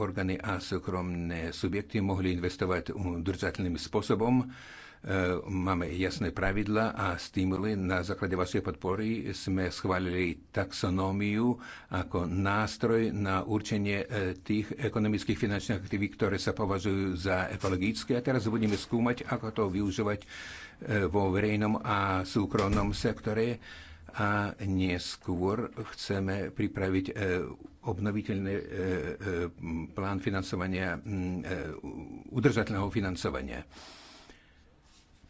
orgány a súkromné subjekty mohli investovať udržateľným spôsobom. E, máme jasné pravidla a stimuly. Na základe vašej podpory sme schválili taxonómiu ako nástroj na určenie e, tých ekonomických finančných aktiví, ktoré sa považujú za ekologické. A teraz budeme skúmať, ako to využívať e, vo verejnom a súkromnom sektore a neskôr chceme pripraviť e, obnoviteľný e, e, plán financovania, mm, udržateľného financovania.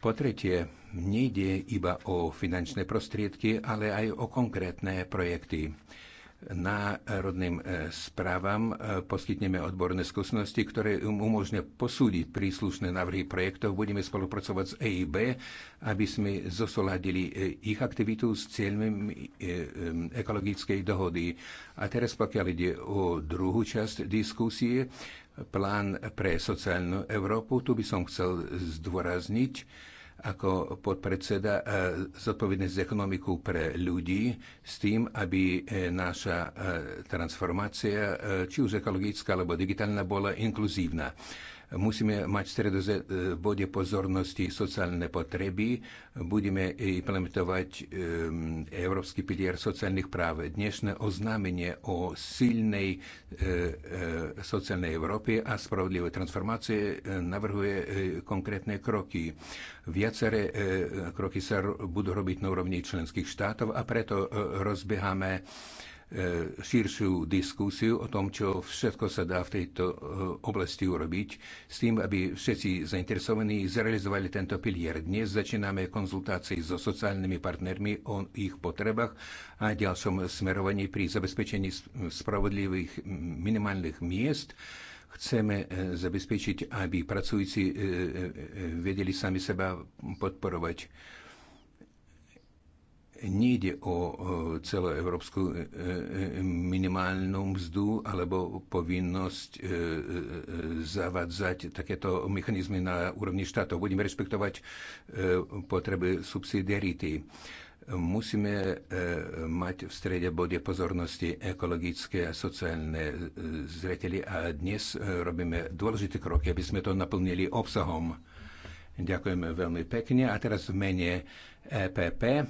Po tretie, nejde iba o finančné prostriedky, ale aj o konkrétne projekty národným e, správam e, poskytneme odborné skúsenosti, ktoré im um, umožňa posúdiť príslušné návrhy projektov. Budeme spolupracovať s EIB, aby sme zosoladili e, ich aktivitu s cieľmi ekologickej dohody. A teraz, pokiaľ ide o druhú časť diskusie, plán pre sociálnu Európu, tu by som chcel zdôrazniť, ako podpredseda e, zodpovedný z ekonomiku pre ľudí s tým, aby e, naša e, transformácia, či už ekologická alebo digitálna, bola inkluzívna. Musíme mať v stredu v bode pozornosti sociálne potreby. Budeme implementovať Európsky pilier sociálnych práv. Dnešné oznámenie o silnej e, e, sociálnej Európe a spravodlivej transformácie e, navrhuje konkrétne kroky. Viacere kroky sa budú robiť na úrovni členských štátov a preto rozbiehame E, širšiu diskusiu o tom, čo všetko sa dá v tejto e, oblasti urobiť, s tým, aby všetci zainteresovaní zrealizovali tento pilier. Dnes začíname konzultácie so sociálnymi partnermi o ich potrebách a ďalšom smerovaní pri zabezpečení spravodlivých minimálnych miest chceme e, zabezpečiť, aby pracujúci vedeli sami seba podporovať. Nejde o e, celoeurópsku e, e, minimálnu mzdu alebo povinnosť zavadzať takéto mechanizmy na úrovni štátov. Budeme rešpektovať potreby subsidiarity musíme mať v strede bode pozornosti ekologické a sociálne zreteli a dnes robíme dôležité kroky, aby sme to naplnili obsahom. Ďakujeme veľmi pekne a teraz v mene EPP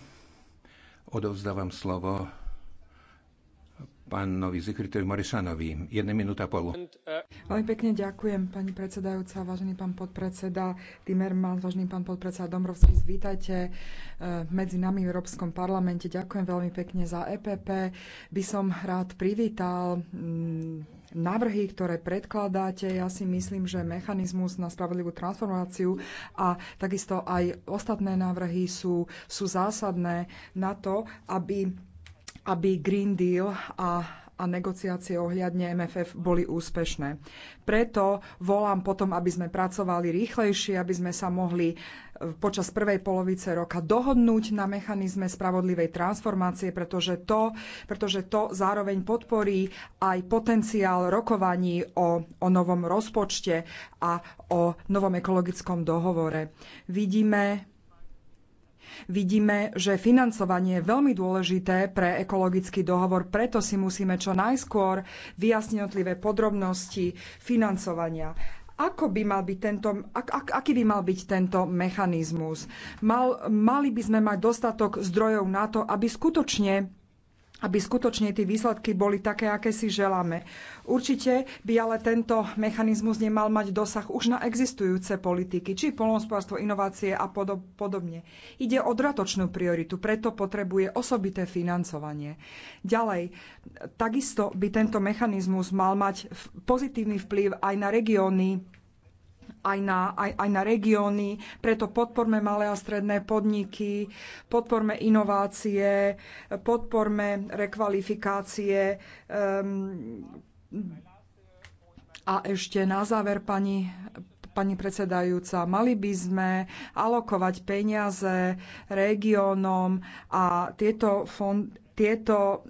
Odovzdávam slovo pánovi sekretárovi Morisanovi. Jedna minúta pol. Veľmi pekne ďakujem, pani predsedajúca, vážený pán podpredseda Timmermans, vážený pán podpredseda Domrovský, zvítajte eh, medzi nami v Európskom parlamente. Ďakujem veľmi pekne za EPP. By som rád privítal mm, návrhy, ktoré predkladáte. Ja si myslím, že mechanizmus na spravodlivú transformáciu a takisto aj ostatné návrhy sú, sú zásadné na to, aby aby Green Deal a a negociácie ohľadne MFF boli úspešné. Preto volám potom, aby sme pracovali rýchlejšie, aby sme sa mohli e, počas prvej polovice roka dohodnúť na mechanizme spravodlivej transformácie, pretože to, pretože to zároveň podporí aj potenciál rokovaní o, o novom rozpočte a o novom ekologickom dohovore. Vidíme, Vidíme, že financovanie je veľmi dôležité pre ekologický dohovor, preto si musíme čo najskôr vyjasniť jednotlivé podrobnosti financovania ako by mal byť tento, ak, ak, aký by mal byť tento mechanizmus? Mal, mali by sme mať dostatok zdrojov na to, aby skutočne aby skutočne tie výsledky boli také, aké si želáme. Určite by ale tento mechanizmus nemal mať dosah už na existujúce politiky, či polnospodárstvo, inovácie a podob- podobne. Ide o dratočnú prioritu, preto potrebuje osobité financovanie. Ďalej, takisto by tento mechanizmus mal mať pozitívny vplyv aj na regióny, aj na, aj, aj na regióny. Preto podporme malé a stredné podniky, podporme inovácie, podporme rekvalifikácie. Um, a ešte na záver, pani, pani predsedajúca, mali by sme alokovať peniaze regiónom a tieto, fond, tieto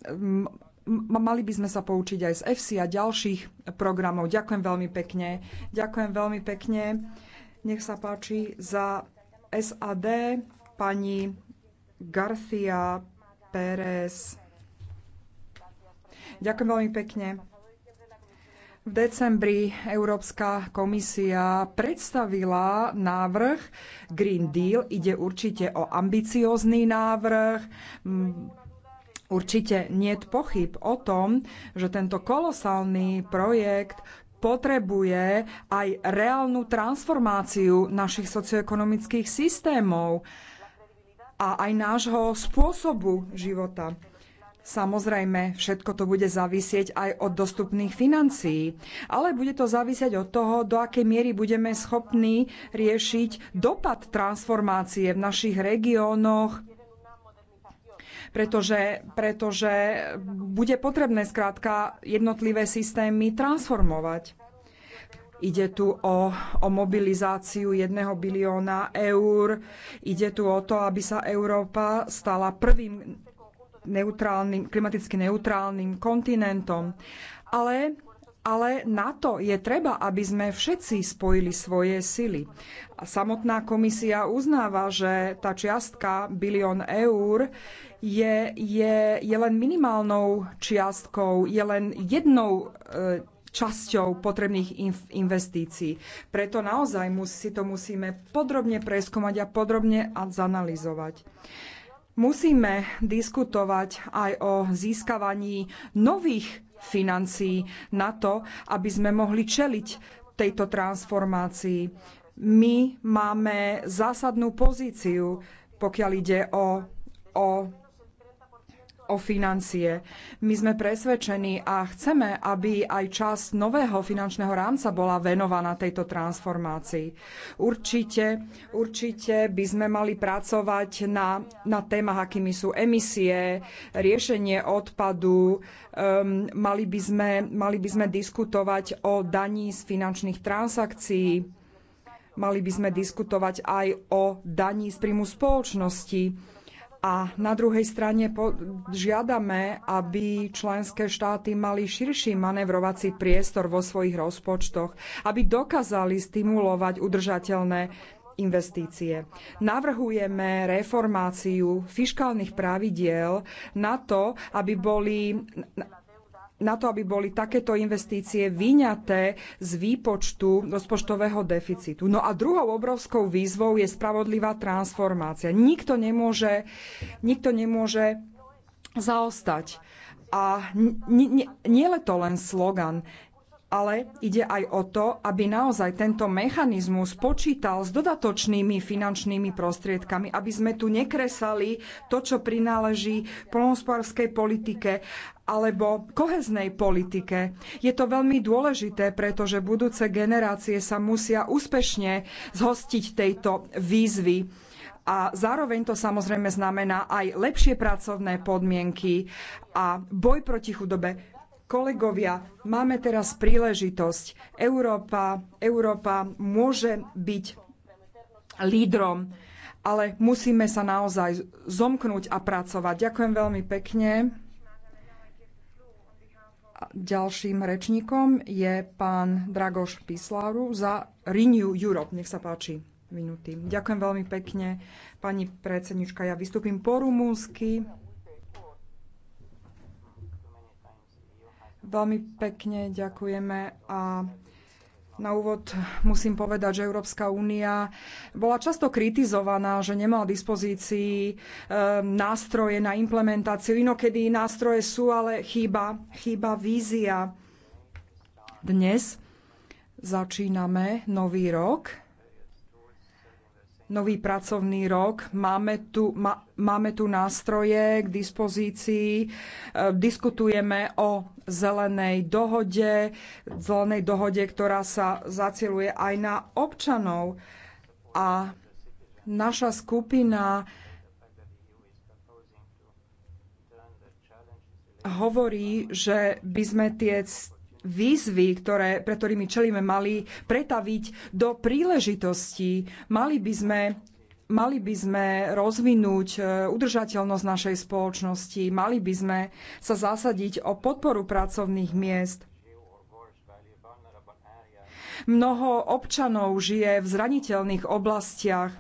mali by sme sa poučiť aj z EFSI a ďalších programov. Ďakujem veľmi pekne. Ďakujem veľmi pekne. Nech sa páči za SAD pani Garcia Pérez. Ďakujem veľmi pekne. V decembri Európska komisia predstavila návrh Green Deal. Ide určite o ambiciózny návrh Určite nie je pochyb o tom, že tento kolosálny projekt potrebuje aj reálnu transformáciu našich socioekonomických systémov a aj nášho spôsobu života. Samozrejme, všetko to bude závisieť aj od dostupných financií, ale bude to závisieť od toho, do akej miery budeme schopní riešiť dopad transformácie v našich regiónoch, pretože, pretože bude potrebné skrátka jednotlivé systémy transformovať. Ide tu o, o mobilizáciu jedného bilióna eur, ide tu o to, aby sa Európa stala prvým neutrálnym, klimaticky neutrálnym kontinentom. Ale ale na to je treba, aby sme všetci spojili svoje sily. A samotná komisia uznáva, že tá čiastka bilión eur je, je, je len minimálnou čiastkou, je len jednou e, časťou potrebných investícií. Preto naozaj si to musíme podrobne preskúmať a podrobne zanalizovať. Musíme diskutovať aj o získavaní nových financií na to, aby sme mohli čeliť tejto transformácii. My máme zásadnú pozíciu, pokiaľ ide o, o o financie. My sme presvedčení a chceme, aby aj časť nového finančného rámca bola venovaná tejto transformácii. Určite, určite by sme mali pracovať na, na témach, akými sú emisie, riešenie odpadu. Um, mali, by sme, mali by sme diskutovať o daní z finančných transakcií. Mali by sme diskutovať aj o daní z príjmu spoločnosti a na druhej strane žiadame, aby členské štáty mali širší manevrovací priestor vo svojich rozpočtoch, aby dokázali stimulovať udržateľné investície. Navrhujeme reformáciu fiškálnych pravidiel na to, aby boli na to, aby boli takéto investície vyňaté z výpočtu rozpočtového deficitu. No a druhou obrovskou výzvou je spravodlivá transformácia. Nikto nemôže, nikto nemôže zaostať. A nie, je to len slogan ale ide aj o to, aby naozaj tento mechanizmus počítal s dodatočnými finančnými prostriedkami, aby sme tu nekresali to, čo prináleží polnohospodárskej politike alebo koheznej politike. Je to veľmi dôležité, pretože budúce generácie sa musia úspešne zhostiť tejto výzvy. A zároveň to samozrejme znamená aj lepšie pracovné podmienky a boj proti chudobe Kolegovia, máme teraz príležitosť. Európa, Európa môže byť lídrom, ale musíme sa naozaj zomknúť a pracovať. Ďakujem veľmi pekne. Ďalším rečníkom je pán Dragoš Pislaru za Renew Europe. Nech sa páči. Minúty. Ďakujem veľmi pekne, pani predsednička. Ja vystúpim po rumúnsky. Veľmi pekne ďakujeme a na úvod musím povedať, že Európska únia bola často kritizovaná, že nemala dispozícii e, nástroje na implementáciu. Inokedy nástroje sú, ale chýba, chýba vízia. Dnes začíname nový rok nový pracovný rok. Máme tu, ma, máme tu nástroje k dispozícii, e, diskutujeme o zelenej dohode, zelenej dohode, ktorá sa zacieluje aj na občanov. A naša skupina hovorí, že by sme tie výzvy, ktoré, pre ktorými čelíme, mali pretaviť do príležitostí. Mali by sme Mali by sme rozvinúť e, udržateľnosť našej spoločnosti, mali by sme sa zasadiť o podporu pracovných miest. Mnoho občanov žije v zraniteľných oblastiach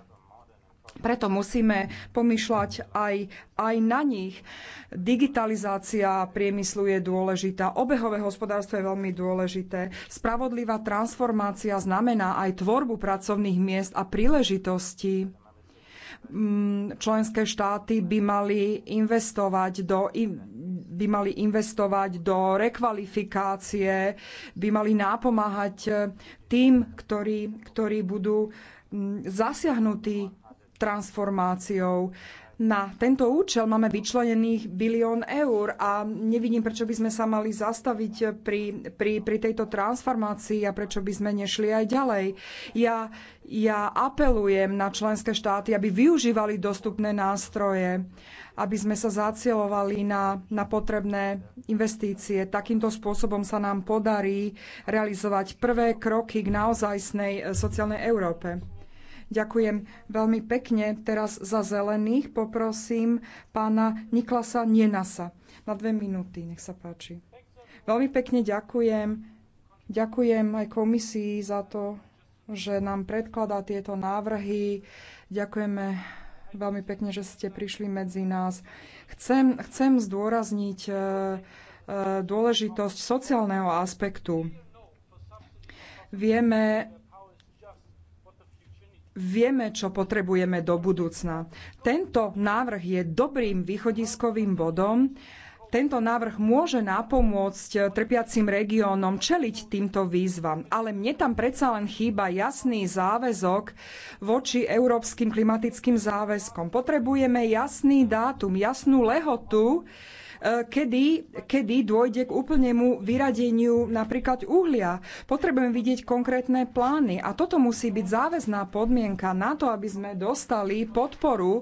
preto musíme pomýšľať aj, aj na nich. Digitalizácia priemyslu je dôležitá, obehové hospodárstvo je veľmi dôležité. Spravodlivá transformácia znamená aj tvorbu pracovných miest a príležitostí mm, členské štáty by mali investovať do, by mali investovať do rekvalifikácie, by mali nápomáhať eh, tým, ktorí, ktorí budú mm, zasiahnutí transformáciou. Na tento účel máme vyčlenených bilión eur a nevidím, prečo by sme sa mali zastaviť pri, pri, pri tejto transformácii a prečo by sme nešli aj ďalej. Ja, ja apelujem na členské štáty, aby využívali dostupné nástroje, aby sme sa zacielovali na, na potrebné investície. Takýmto spôsobom sa nám podarí realizovať prvé kroky k naozajstnej sociálnej Európe. Ďakujem veľmi pekne. Teraz za zelených poprosím pána Niklasa Nienasa na dve minúty. Nech sa páči. Veľmi pekne ďakujem. Ďakujem aj komisii za to, že nám predkladá tieto návrhy. Ďakujeme veľmi pekne, že ste prišli medzi nás. Chcem, chcem zdôrazniť e, e, dôležitosť sociálneho aspektu. Vieme, vieme, čo potrebujeme do budúcna. Tento návrh je dobrým východiskovým bodom. Tento návrh môže napomôcť trpiacim regiónom čeliť týmto výzvam, ale mne tam predsa len chýba jasný záväzok voči európskym klimatickým záväzkom. Potrebujeme jasný dátum, jasnú lehotu, kedy, kedy dôjde k úplnemu vyradeniu napríklad uhlia. Potrebujeme vidieť konkrétne plány a toto musí byť záväzná podmienka na to, aby sme dostali podporu, e,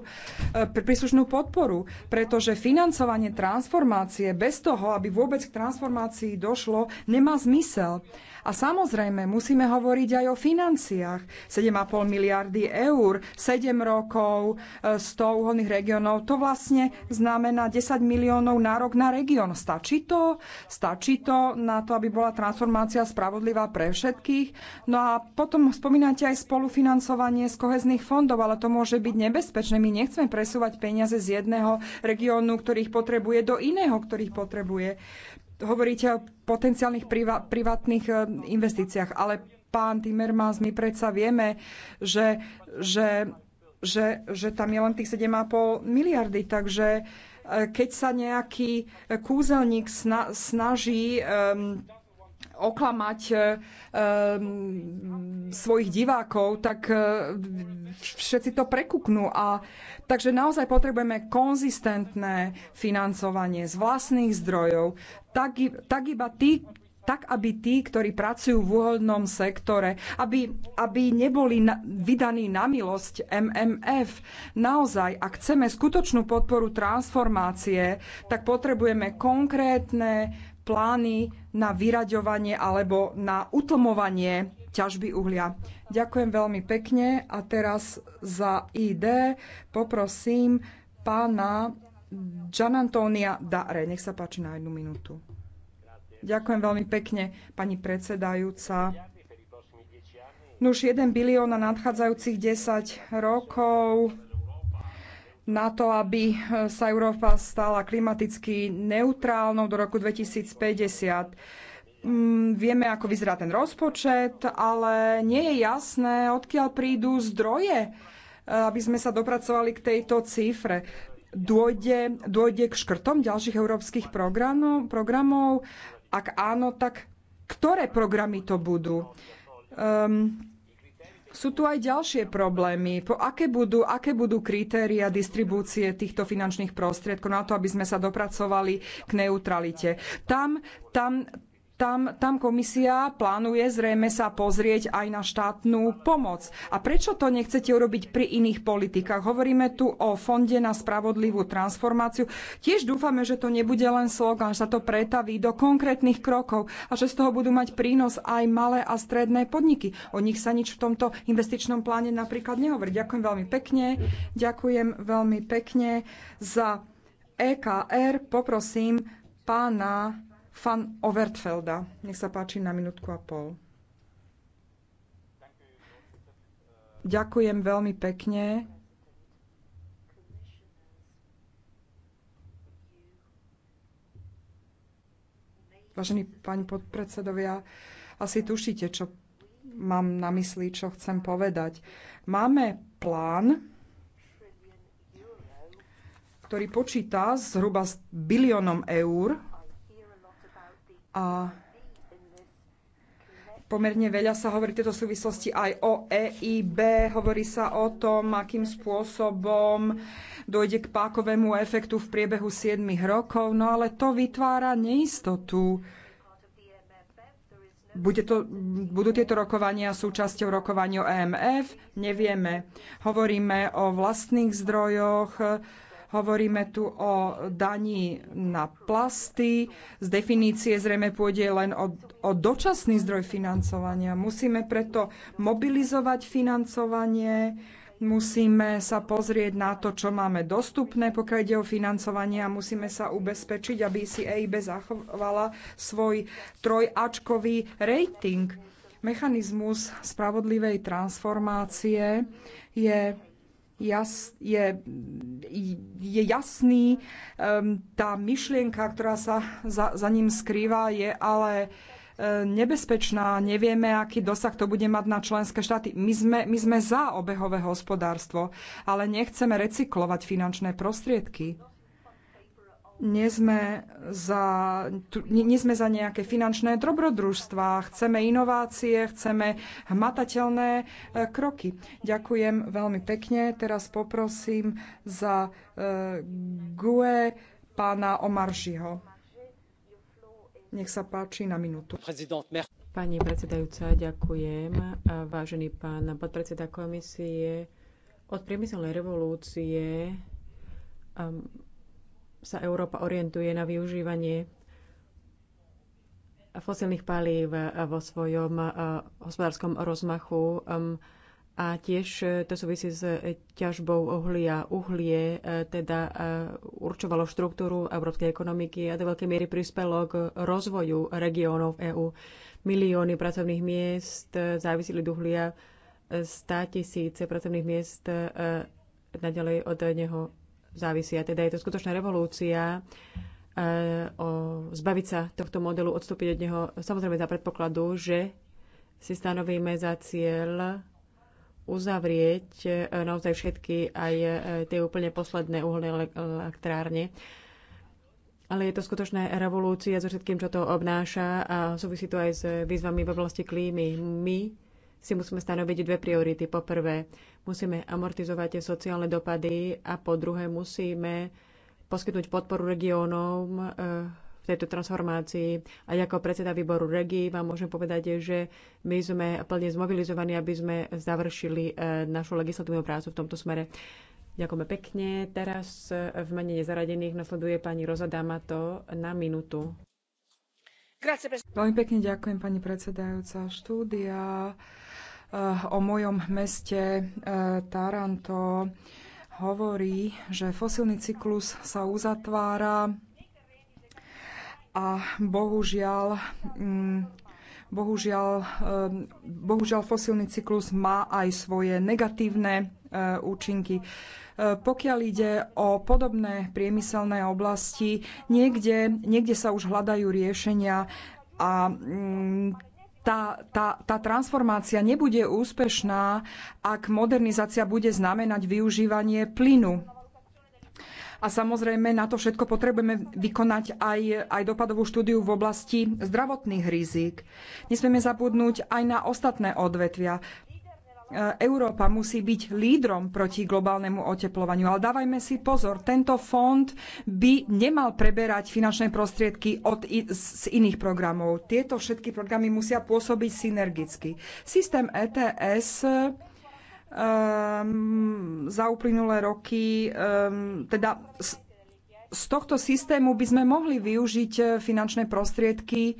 príslušnú podporu, pretože financovanie transformácie bez toho, aby vôbec k transformácii došlo, nemá zmysel. A samozrejme, musíme hovoriť aj o financiách. 7,5 miliardy eur, 7 rokov, 100 e, uholných regionov, to vlastne znamená 10 miliónov na nárok na región. Stačí to? Stačí to na to, aby bola transformácia spravodlivá pre všetkých? No a potom spomínate aj spolufinancovanie z kohezných fondov, ale to môže byť nebezpečné. My nechceme presúvať peniaze z jedného regiónu, ktorých potrebuje, do iného, ktorých potrebuje. Hovoríte o potenciálnych privá- privátnych e, investíciách, ale pán Timmermans, my predsa vieme, že, že že, že tam je len tých 7,5 miliardy, takže keď sa nejaký e, kúzelník snaží oklamať e, svojich divákov, tak e, všetci to prekuknú. A, takže naozaj potrebujeme konzistentné financovanie z vlastných zdrojov. Tak, tak iba tí, tak aby tí, ktorí pracujú v uholnom sektore, aby, aby neboli na, vydaní na milosť MMF. Naozaj, ak chceme skutočnú podporu transformácie, tak potrebujeme konkrétne plány na vyraďovanie alebo na utlmovanie ťažby uhlia. Ďakujem veľmi pekne a teraz za ID poprosím pána Gianantonia Dare. Nech sa páči na jednu minútu. Ďakujem veľmi pekne, pani predsedajúca. Nuž 1 bilión na nadchádzajúcich 10 rokov na to, aby sa Európa stala klimaticky neutrálnou do roku 2050 mm, vieme, ako vyzerá ten rozpočet, ale nie je jasné, odkiaľ prídu zdroje, eh, aby sme sa dopracovali k tejto cifre. Dôjde, dôjde k škrtom ďalších európskych programov, programov ak áno, tak ktoré programy to budú? Um, sú tu aj ďalšie problémy. Po aké budú, aké budú kritéria distribúcie týchto finančných prostriedkov na to, aby sme sa dopracovali k neutralite? Tam, tam, tam, tam komisia plánuje zrejme sa pozrieť aj na štátnu pomoc. A prečo to nechcete urobiť pri iných politikách? Hovoríme tu o Fonde na spravodlivú transformáciu. Tiež dúfame, že to nebude len slogan, že sa to pretaví do konkrétnych krokov a že z toho budú mať prínos aj malé a stredné podniky. O nich sa nič v tomto investičnom pláne napríklad nehovorí. Ďakujem veľmi pekne. Ďakujem veľmi pekne za EKR. Poprosím pána Fan Overtfelda. Nech sa páči na minútku a pol. Ďakujem veľmi pekne. Vážení páni podpredsedovia, asi tušíte, čo mám na mysli, čo chcem povedať. Máme plán, ktorý počíta zhruba s biliónom eur a pomerne veľa sa hovorí v tejto súvislosti aj o EIB. Hovorí sa o tom, akým spôsobom dojde k pákovému efektu v priebehu 7 rokov, no ale to vytvára neistotu. Bude to, budú tieto rokovania súčasťou rokovania o EMF? Nevieme. Hovoríme o vlastných zdrojoch Hovoríme tu o daní na plasty. Z definície zrejme pôjde len o, o dočasný zdroj financovania. Musíme preto mobilizovať financovanie musíme sa pozrieť na to, čo máme dostupné, pokiaľ ide o financovanie a musíme sa ubezpečiť, aby si EIB zachovala svoj trojačkový rating. Mechanizmus spravodlivej transformácie je jas, je, je jasný. Ehm, tá myšlienka, ktorá sa za, za ním skrýva, je ale e, nebezpečná, nevieme, aký dosah to bude mať na členské štáty. My sme, my sme za obehové hospodárstvo, ale nechceme recyklovať finančné prostriedky nie sme za, nie, sme za nejaké finančné dobrodružstva. Chceme inovácie, chceme hmatateľné e, kroky. Ďakujem veľmi pekne. Teraz poprosím za e, GUE pána Omaržiho. Nech sa páči na minútu. Pani predsedajúca, ďakujem. Vážený pán podpredseda komisie, od priemyselnej revolúcie um, sa Európa orientuje na využívanie fosilných palív vo svojom eh, hospodárskom rozmachu a tiež eh, to súvisí s eh, ťažbou uhlia. Uhlie teda určovalo štruktúru európskej ekonomiky a do veľkej miery prispelo k rozvoju regiónov EÚ. Milióny pracovných miest závisili od uhlia, 100 tisíce pracovných miest naďalej od neho závisia. Teda je to skutočná revolúcia e, o zbaviť sa tohto modelu, odstúpiť od neho, samozrejme za predpokladu, že si stanovíme za cieľ uzavrieť e, naozaj všetky aj e, tie úplne posledné uholné elektrárne. Ale je to skutočná revolúcia so všetkým, čo to obnáša a súvisí to aj s výzvami v oblasti klímy. My si musíme stanoviť dve priority. Po prvé, musíme amortizovať tie sociálne dopady a po druhé, musíme poskytnúť podporu regiónom eh, v tejto transformácii. A ako predseda výboru regí vám môžem povedať, že my sme plne zmobilizovaní, aby sme završili eh, našu legislatívnu prácu v tomto smere. Ďakujeme pekne. Teraz eh, v mene nezaradených nasleduje pani Roza Damato na minútu. Veľmi pekne ďakujem, pani predsedajúca. Štúdia Eh, o mojom meste eh, Taranto hovorí, že fosilný cyklus sa uzatvára a bohužiaľ, mm, bohužiaľ, eh, bohužiaľ fosilný cyklus má aj svoje negatívne účinky. Pokiaľ ide o podobné priemyselné oblasti, niekde, niekde sa už hľadajú riešenia a mm, tá, tá, tá transformácia nebude úspešná, ak modernizácia bude znamenať využívanie plynu. A samozrejme, na to všetko potrebujeme vykonať aj, aj dopadovú štúdiu v oblasti zdravotných rizik. Nesmieme zabudnúť aj na ostatné odvetvia. E, Európa musí byť lídrom proti globálnemu oteplovaniu. Ale dávajme si pozor, tento fond by nemal preberať finančné prostriedky od, z iných programov. Tieto všetky programy musia pôsobiť synergicky. Systém ETS um, ehm, za uplynulé roky, um, teda z, z tohto systému by sme mohli využiť e, finančné prostriedky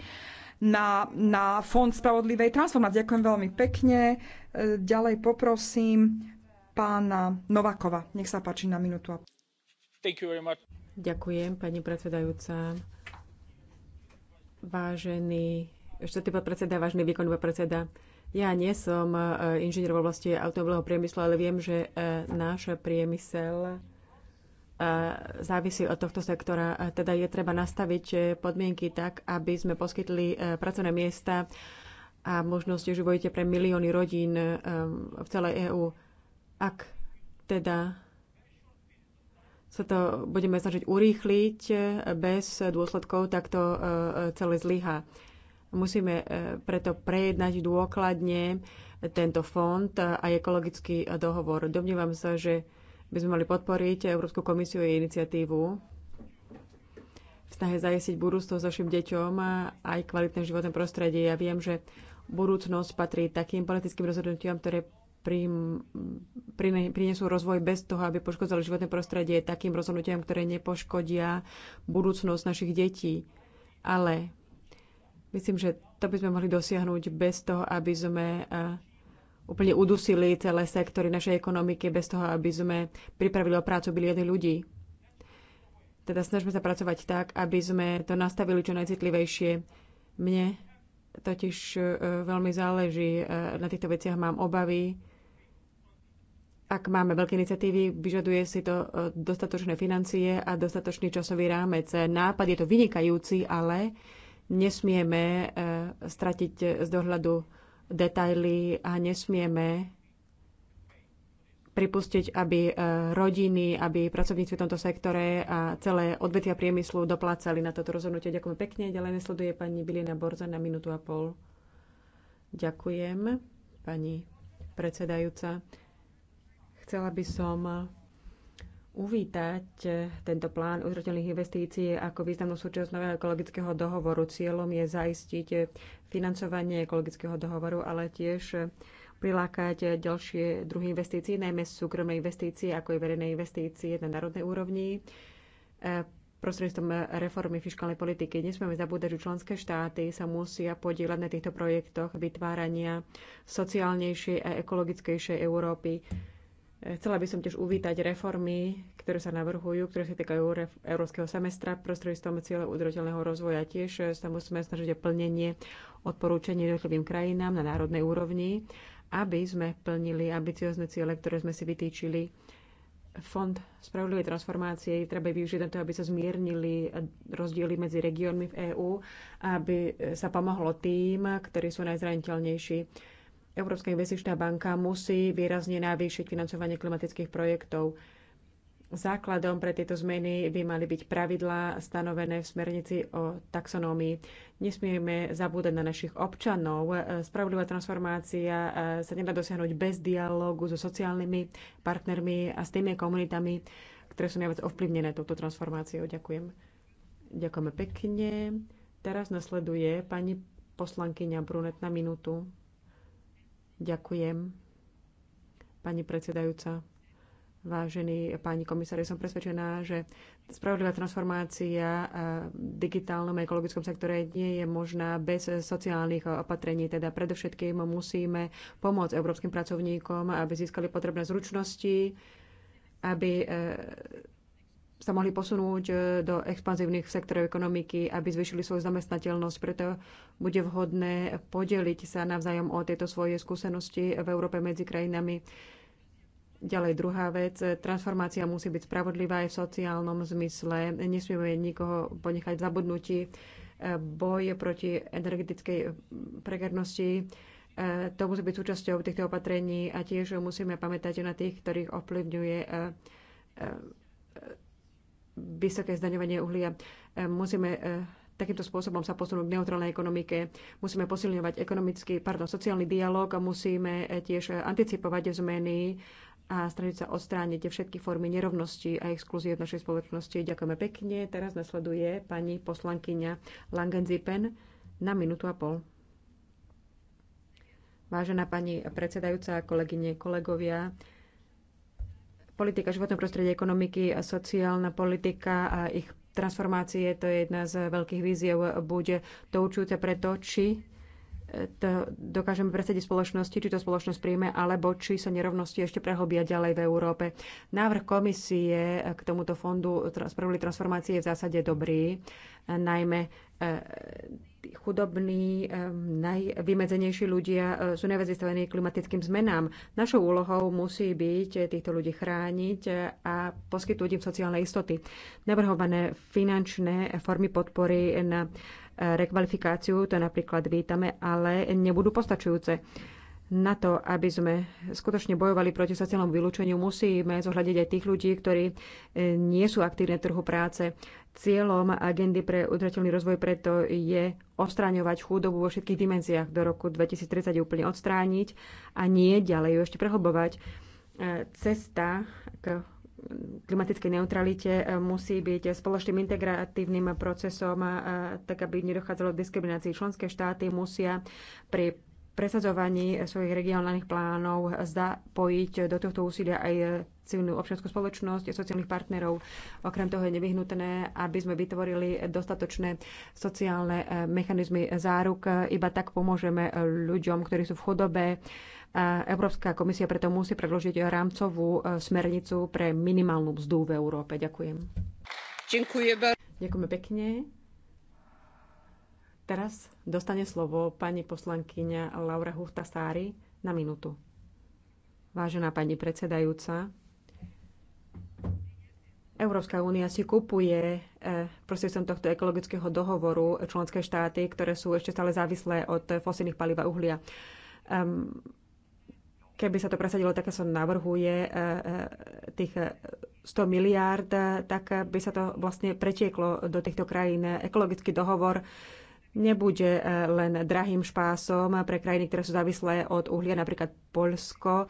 na, na Fond spravodlivej transformácie. Ďakujem veľmi pekne. Ďalej poprosím pána Novakova. Nech sa páči na minútu. Ďakujem, pani predsedajúca. Vážený, štvrtý podpredseda, vážený výkonný predseda, ja nie som e, inžinier v oblasti automobilového priemyslu, ale viem, že e, náš priemysel e, závisí od tohto sektora. Teda je treba nastaviť podmienky tak, aby sme poskytli pracovné miesta a možnosť živojite pre milióny rodín ehm, v celej EÚ. Ak teda sa to budeme snažiť urýchliť eh, bez dôsledkov, tak to eh, celé zlyhá. Musíme eh, preto prejednať dôkladne tento fond a ekologický dohovor. Domnívam sa, že by sme mali podporiť Európsku komisiu a jej iniciatívu v snahe zajistiť budúcnosť našim deťom a aj kvalitné životné prostredie. Ja viem, že budúcnosť patrí takým politickým rozhodnutiam, ktoré prinesú rozvoj bez toho, aby poškodzali životné prostredie, takým rozhodnutiam, ktoré nepoškodia budúcnosť našich detí. Ale myslím, že to by sme mohli dosiahnuť bez toho, aby sme eh, úplne udusili celé sektory našej ekonomiky, bez toho, aby sme pripravili o prácu bilióny ľudí. Teda snažme sa pracovať tak, aby sme to nastavili čo najcitlivejšie. Mne totiž e, veľmi záleží. E, na týchto veciach mám obavy. Ak máme veľké iniciatívy, vyžaduje si to e, dostatočné financie a dostatočný časový rámec. Nápad je to vynikajúci, ale nesmieme stratiť z dohľadu detaily a nesmieme pripustiť, aby e, rodiny, aby pracovníci v tomto sektore a celé odvetia priemyslu doplácali na toto rozhodnutie. Ďakujem pekne. Ďalej nesleduje pani Bilina Borza na minútu a pol. Ďakujem, pani predsedajúca. Chcela by som uvítať tento plán udržateľných investícií ako významnú súčasť nového ekologického dohovoru. Cieľom je zaistiť financovanie ekologického dohovoru, ale tiež prilákať ďalšie druhy investícií, najmä súkromné investície, ako aj verejné investície na národnej úrovni. E, prostredníctvom reformy fiskálnej politiky nesmieme zabúdať, že členské štáty sa musia podielať na týchto projektoch vytvárania sociálnejšej a ekologickejšej Európy. E, chcela by som tiež uvítať reformy, ktoré sa navrhujú, ktoré sa týkajú európskeho semestra prostredníctvom cieľa udržateľného rozvoja. Tiež sa musíme snažiť o plnenie odporúčaní jednotlivým krajinám na národnej úrovni aby sme plnili ambiciozne ciele, ktoré sme si vytýčili. Fond spravodlivej transformácie je treba využiť na to, aby sa zmiernili rozdiely medzi regiónmi v EÚ, aby sa pomohlo tým, ktorí sú najzraniteľnejší. Európska investičná banka musí výrazne navýšiť financovanie klimatických projektov. Základom pre tieto zmeny by mali byť pravidlá stanovené v smernici o taxonómii. Nesmieme zabúdať na našich občanov. Spravodlivá transformácia e, sa nedá dosiahnuť bez dialógu so sociálnymi partnermi a s tými komunitami, ktoré sú najviac ovplyvnené touto transformáciou. Ďakujem. Ďakujeme pekne. Teraz nasleduje pani poslankyňa Brunet na minútu. Ďakujem. Pani predsedajúca. Vážený páni komisári, som presvedčená, že spravodlivá transformácia e, v digitálnom a ekologickom sektore nie je možná bez sociálnych opatrení. Teda predovšetkým musíme pomôcť európskym pracovníkom, aby získali potrebné zručnosti, aby e, sa mohli posunúť e, do expanzívnych sektorov ekonomiky, aby zvýšili svoju zamestnateľnosť. Preto bude vhodné podeliť sa navzájom o tieto svoje skúsenosti v Európe medzi krajinami Ďalej druhá vec, transformácia musí byť spravodlivá aj v sociálnom zmysle. Nesmieme nikoho ponechať v zabudnutí. Boj proti energetickej pregernosti. E, to musí byť súčasťou týchto opatrení a tiež musíme pamätať na tých, ktorých ovplyvňuje e, e, vysoké zdaňovanie uhlia. Musíme takýmto spôsobom sa posunúť k neutrálnej ekonomike. Musíme posilňovať ekonomický, pardon, sociálny dialog a musíme tiež anticipovať zmeny a snažiť sa odstrániť všetky formy nerovnosti a exkluzie v našej spoločnosti. Ďakujeme pekne. Teraz nasleduje pani poslankyňa Langenzipen na minútu a pol. Vážená pani predsedajúca, kolegyne, kolegovia, politika životného prostredia, ekonomiky a sociálna politika a ich transformácie, to je jedna z veľkých víziev, bude to určujúce pre to, či to dokážeme presadiť spoločnosti, či to spoločnosť príjme, alebo či sa nerovnosti ešte prehlbia ďalej v Európe. Návrh komisie k tomuto fondu spravili transformácie je v zásade dobrý, najmä e, chudobní, e, najvymedzenejší ľudia e, sú najviac vystavení klimatickým zmenám. Našou úlohou musí byť týchto ľudí chrániť a poskytnúť im sociálne istoty. Navrhované finančné formy podpory na rekvalifikáciu, to napríklad vítame, ale nebudú postačujúce. Na to, aby sme skutočne bojovali proti sociálnemu vylúčeniu, musíme zohľadiť aj tých ľudí, ktorí e, nie sú aktívne v trhu práce. Cieľom agendy pre udržateľný rozvoj preto je odstráňovať chudobu vo všetkých dimenziách do roku 2030 úplne odstrániť a nie ďalej ju ešte prehlbovať. E, cesta k klimatickej neutralite e, musí byť spoločným integratívnym procesom, e, tak aby nedochádzalo k diskriminácii. Členské štáty musia pri presadzovaní svojich regionálnych plánov zapojiť do tohto úsilia aj civilnú občianskú spoločnosť, sociálnych partnerov. Okrem toho je nevyhnutné, aby sme vytvorili dostatočné sociálne e, mechanizmy záruk. Iba tak pomôžeme ľuďom, ktorí sú v chudobe, Európska komisia preto musí predložiť rámcovú e, smernicu pre minimálnu mzdu v Európe. Ďakujem. Ďakujem. Ďakujeme pekne. Teraz dostane slovo pani poslankyňa Laura Huftasári na minútu. Vážená pani predsedajúca, Európska únia si kupuje e, prostredstvom tohto ekologického dohovoru členské štáty, ktoré sú ešte stále závislé od fosílnych palív a uhlia. Ehm, Keby sa to presadilo tak, ako sa navrhuje e, e, tých 100 e, miliárd, tak by sa to vlastne pretieklo do týchto krajín. Ekologický dohovor nebude len drahým špásom pre krajiny, ktoré sú závislé od uhlia, napríklad Polsko,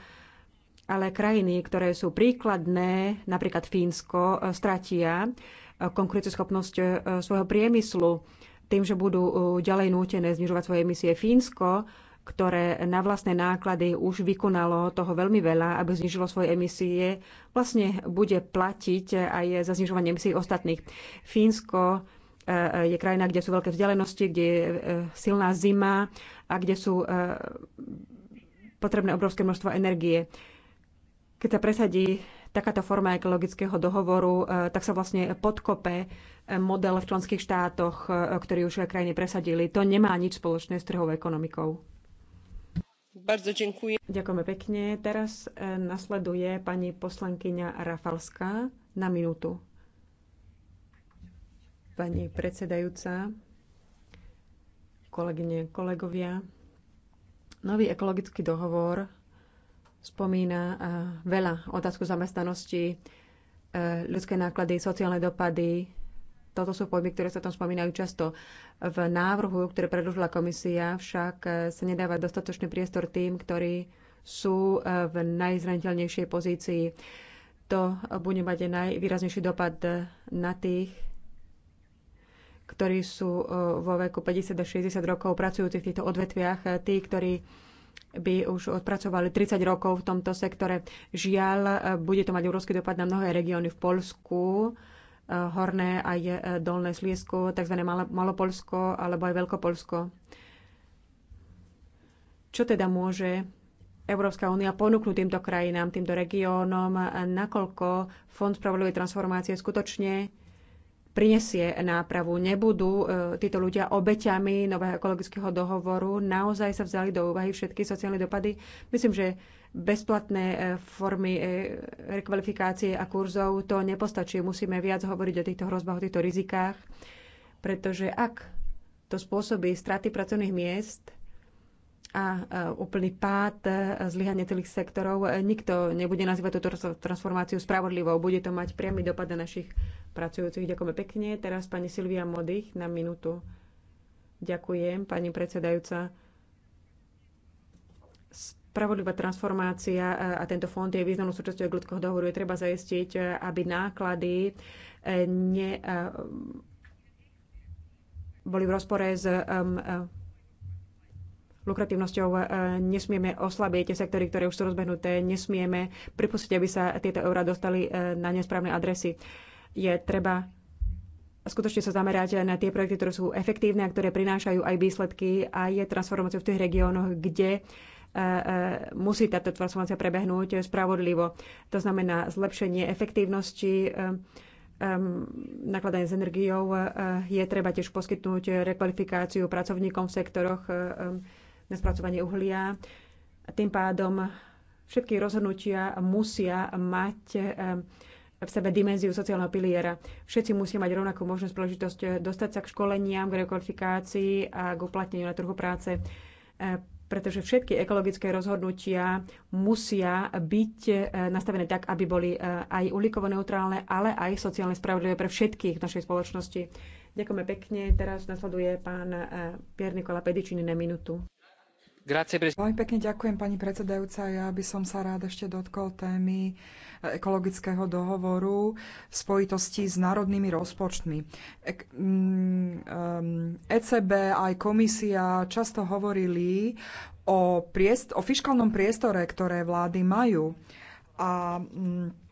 ale krajiny, ktoré sú príkladné, napríklad Fínsko, stratia schopnosť svojho priemyslu tým, že budú ďalej nútené znižovať svoje emisie. Fínsko ktoré na vlastné náklady už vykonalo toho veľmi veľa, aby znižilo svoje emisie, vlastne bude platiť aj za znižovanie emisí ostatných. Fínsko e, e, je krajina, kde sú veľké vzdialenosti, kde je e, silná zima a kde sú potrebné obrovské množstvo energie. Keď sa presadí takáto forma ekologického dohovoru, tak sa vlastne podkope model v členských štátoch, ktorý už krajiny presadili. To nemá nič spoločné s trhovou ekonomikou. Ďakujeme pekne. Teraz e, nasleduje pani poslankyňa Rafalská na minútu. Pani predsedajúca, kolegyne, kolegovia, nový ekologický dohovor spomína e, veľa otázku zamestnanosti, e, ľudské náklady, sociálne dopady, toto sú pojmy, ktoré sa tam spomínajú často. V návrhu, ktoré predložila komisia, však e, sa nedáva dostatočný priestor tým, ktorí sú e, v najzraniteľnejšej pozícii. To bude mať najvýraznejší dopad na tých, ktorí sú e, vo veku 50 až 60 rokov pracujúci v týchto odvetviach, tí, ktorí by už odpracovali 30 rokov v tomto sektore. Žiaľ, bude to mať obrovský dopad na mnohé regióny v Polsku, Horné aj e, Dolné Sliesko, tzv. Malopolsko alebo aj Veľkopolsko. Čo teda môže Európska únia ponúknuť týmto krajinám, týmto regiónom, nakoľko Fond spravodlivej transformácie skutočne prinesie nápravu. Nebudú e, títo ľudia obeťami nového ekologického dohovoru. Naozaj sa vzali do úvahy všetky sociálne dopady. Myslím, že bezplatné e, formy e, rekvalifikácie a kurzov to nepostačí. Musíme viac hovoriť o týchto hrozbách, o týchto rizikách, pretože ak to spôsobí straty pracovných miest a úplný pád, zlyhanie celých sektorov, nikto nebude nazývať túto transformáciu spravodlivou. Bude to mať priamy dopad na našich pracujúcich. Ďakujeme pekne. Teraz pani Silvia Modých na minútu. Ďakujem, pani predsedajúca. Spravodlivá transformácia e, a tento fond je významnou súčasťou ľudského dohovoru. Je treba zajistiť, e, aby náklady e, ne, boli v rozpore s lukratívnosťou nesmieme oslabiť tie sektory, ktoré už sú rozbehnuté, nesmieme pripustiť, aby sa tieto eurá dostali na nesprávne adresy je treba skutočne sa zamerať na tie projekty, ktoré sú efektívne a ktoré prinášajú aj výsledky a je transformáciou v tých regiónoch, kde e, e, musí táto transformácia prebehnúť spravodlivo. To znamená zlepšenie efektívnosti e, nakladanie s energiou je treba tiež poskytnúť rekvalifikáciu pracovníkom v sektoroch na spracovanie uhlia. Tým pádom všetky rozhodnutia musia mať v sebe dimenziu sociálneho piliera. Všetci musia mať rovnakú možnosť, príležitosť eh, dostať sa k školeniam, k rekvalifikácii a k uplatneniu na trhu práce eh, pretože všetky ekologické rozhodnutia musia byť eh, nastavené tak, aby boli aj uhlíkovo neutrálne, ale aj sociálne spravodlivé pre všetkých v našej spoločnosti. Ďakujeme pekne. Teraz nasleduje pán Pier Nikola Pedičiny na minútu. Veľmi pekne ďakujem, pani predsedajúca. Ja by som sa rád ešte dotkol témy ekologického dohovoru v spojitosti s národnými rozpočtmi. ECB mm, e aj komisia často hovorili o, priest- o fiskálnom priestore, ktoré vlády majú. A mm,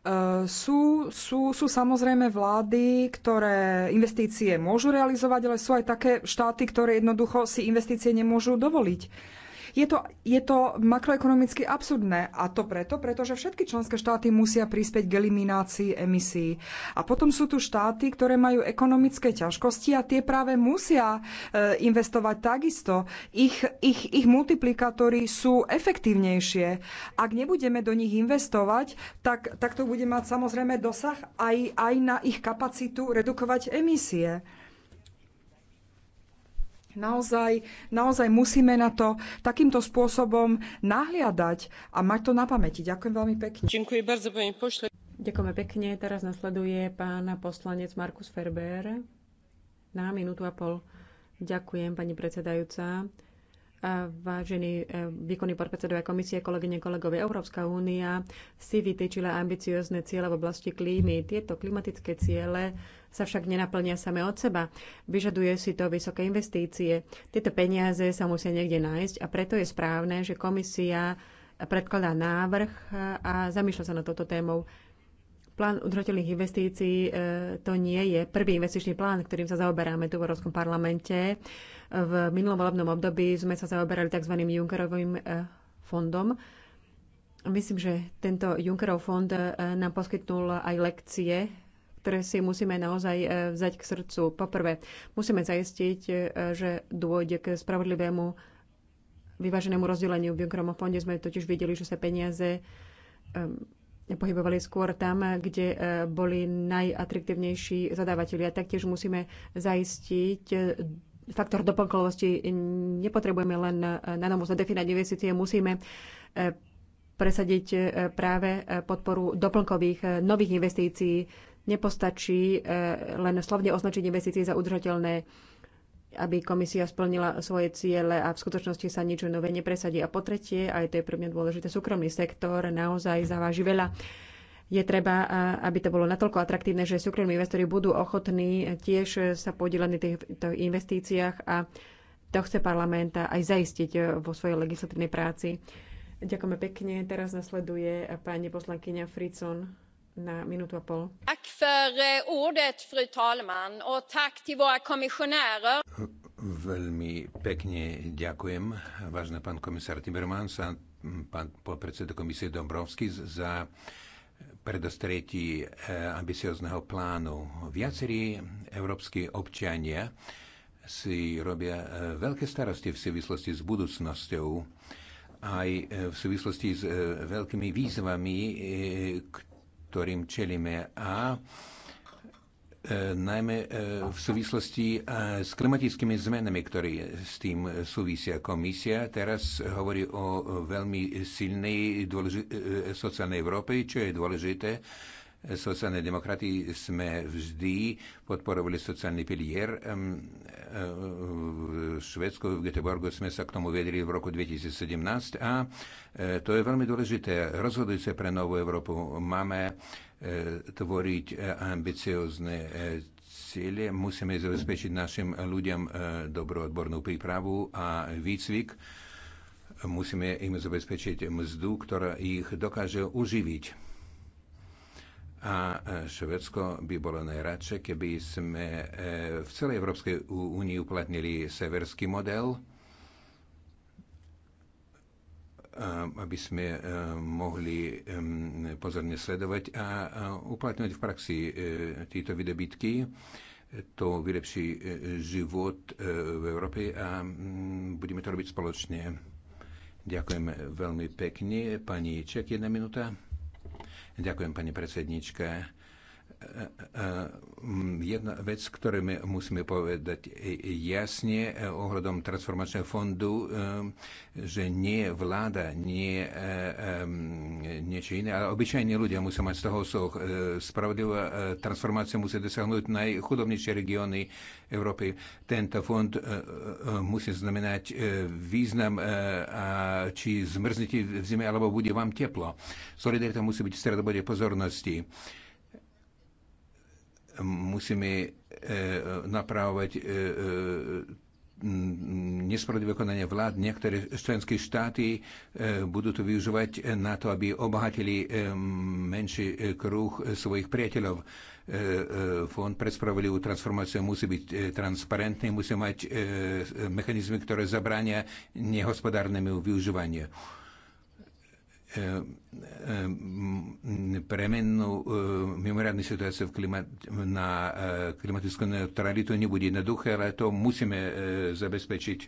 E, sú, sú, sú samozrejme vlády, ktoré investície môžu realizovať, ale sú aj také štáty, ktoré jednoducho si investície nemôžu dovoliť. Je to, je to makroekonomicky absurdné a to preto, pretože všetky členské štáty musia prispieť k eliminácii emisí. A potom sú tu štáty, ktoré majú ekonomické ťažkosti a tie práve musia e, investovať takisto. Ich, ich, ich multiplikátory sú efektívnejšie. Ak nebudeme do nich investovať, tak, tak to bude mať samozrejme dosah aj, aj na ich kapacitu redukovať emisie. Naozaj, naozaj musíme na to takýmto spôsobom nahliadať a mať to na pamäti. Ďakujem veľmi pekne. Ďakujem bardzo, pani pošle. Ďakujeme pekne. Teraz nasleduje pán poslanec Markus Ferber na minútu a pol. Ďakujem, pani predsedajúca. Vážení e, výkonný podpredsedovia komisie, kolegyne, kolegovia, Európska únia si vytýčila ambiciozne ciele v oblasti klímy. Tieto klimatické ciele sa však nenaplnia same od seba. Vyžaduje si to vysoké investície. Tieto peniaze sa musia niekde nájsť a preto je správne, že komisia predkladá návrh a zamýšľa sa na toto témou. Plán udržateľných investícií e, to nie je prvý investičný plán, ktorým sa zaoberáme tu v Európskom parlamente. V minulom volebnom období sme sa zaoberali tzv. Junckerovým e, fondom. Myslím, že tento Junckerov fond e, nám poskytnul aj lekcie ktoré si musíme naozaj e, vzať k srdcu. Poprvé, musíme zaistiť, e, že dôjde k spravodlivému vyváženému rozdeleniu. V Junckerovom fonde sme totiž videli, že sa peniaze e, pohybovali skôr tam, kde boli najatriktívnejší zadávateľi. A taktiež musíme zaistiť faktor doplnkovosti. Nepotrebujeme len na novo zadefinať investície, musíme presadiť práve podporu doplnkových nových investícií Nepostačí e, len slovne označiť investície za udržateľné, aby komisia splnila svoje ciele a v skutočnosti sa nič nové nepresadí. A po tretie, aj to je pre mňa dôležité, súkromný sektor naozaj zaváži veľa je treba, aby to bolo natoľko atraktívne, že súkromní investori budú ochotní tiež sa podielať na týchto investíciách a to chce parlament aj zaistiť vo svojej legislatívnej práci. Ďakujeme pekne. Teraz nasleduje pani poslankyňa Fricon na minútu a pol. Eh, Veľmi pekne ďakujem, vážna pán komisár Timmermans a pán podpredseda komisie Dombrovský za predostretí eh, ambiciozného plánu. Viacerí európsky občania si robia eh, veľké starosti v súvislosti s budúcnosťou aj v súvislosti s veľkými výzvami, ktorým čelíme a e, najmä e, v súvislosti a e, s klimatickými zmenami, ktoré s tým súvisia. Komisia teraz hovorí o veľmi silnej dôleži- e, e, sociálnej Európe, čo je dôležité E, sociálnej demokraty sme vždy podporovali sociálny pilier. V Švedsku, v Göteborgu sme sa k tomu vedeli v roku 2017 a e, to je veľmi dôležité. Rozhodujúce pre novú Európu máme e, tvoriť e, ambiciozne ciele, musíme zabezpečiť našim ľuďom dobrú odbornú prípravu a výcvik. Musíme im zabezpečiť mzdu, ktorá ich dokáže uživiť a e, Švedsko by bolo najradšie, keby sme e, v celej Európskej únii uplatnili severský model, e, aby sme mohli pozorne sledovať a uplatňovať v praxi tieto vydobytky. To vylepší život v Európe a budeme to robiť spoločne. Ďakujem veľmi pekne. Pani Ček, jedna minúta. Ďakujem, pani predsednička. E, e, e, jedna vec, ktorú my musíme povedať jasne ohľadom transformačného fondu, že nie vláda, nie niečo iné, ale obyčajní ľudia musia mať z toho soch. Spravodlivá transformácia musí dosiahnuť najchudobnejšie regióny Európy. Tento fond musí znamenať význam, či zmrznete v zime, alebo bude vám teplo. Solidarita musí byť v stredobode pozornosti musíme e, e, napravovať e, nespravodlivé konanie vlád. Niektoré členské štáty budú to využívať na to, aby obohatili menší kruh svojich priateľov. Fond pre spravodlivú transformáciu musí byť transparentný, musí mať mechanizmy, ktoré zabránia nehospodárnemu využívaniu E, e, premennú e, mimoriadnej situáciu v klimat, na klimatickú neutralitu nebude jednoduché, ale to musíme zabezpečiť.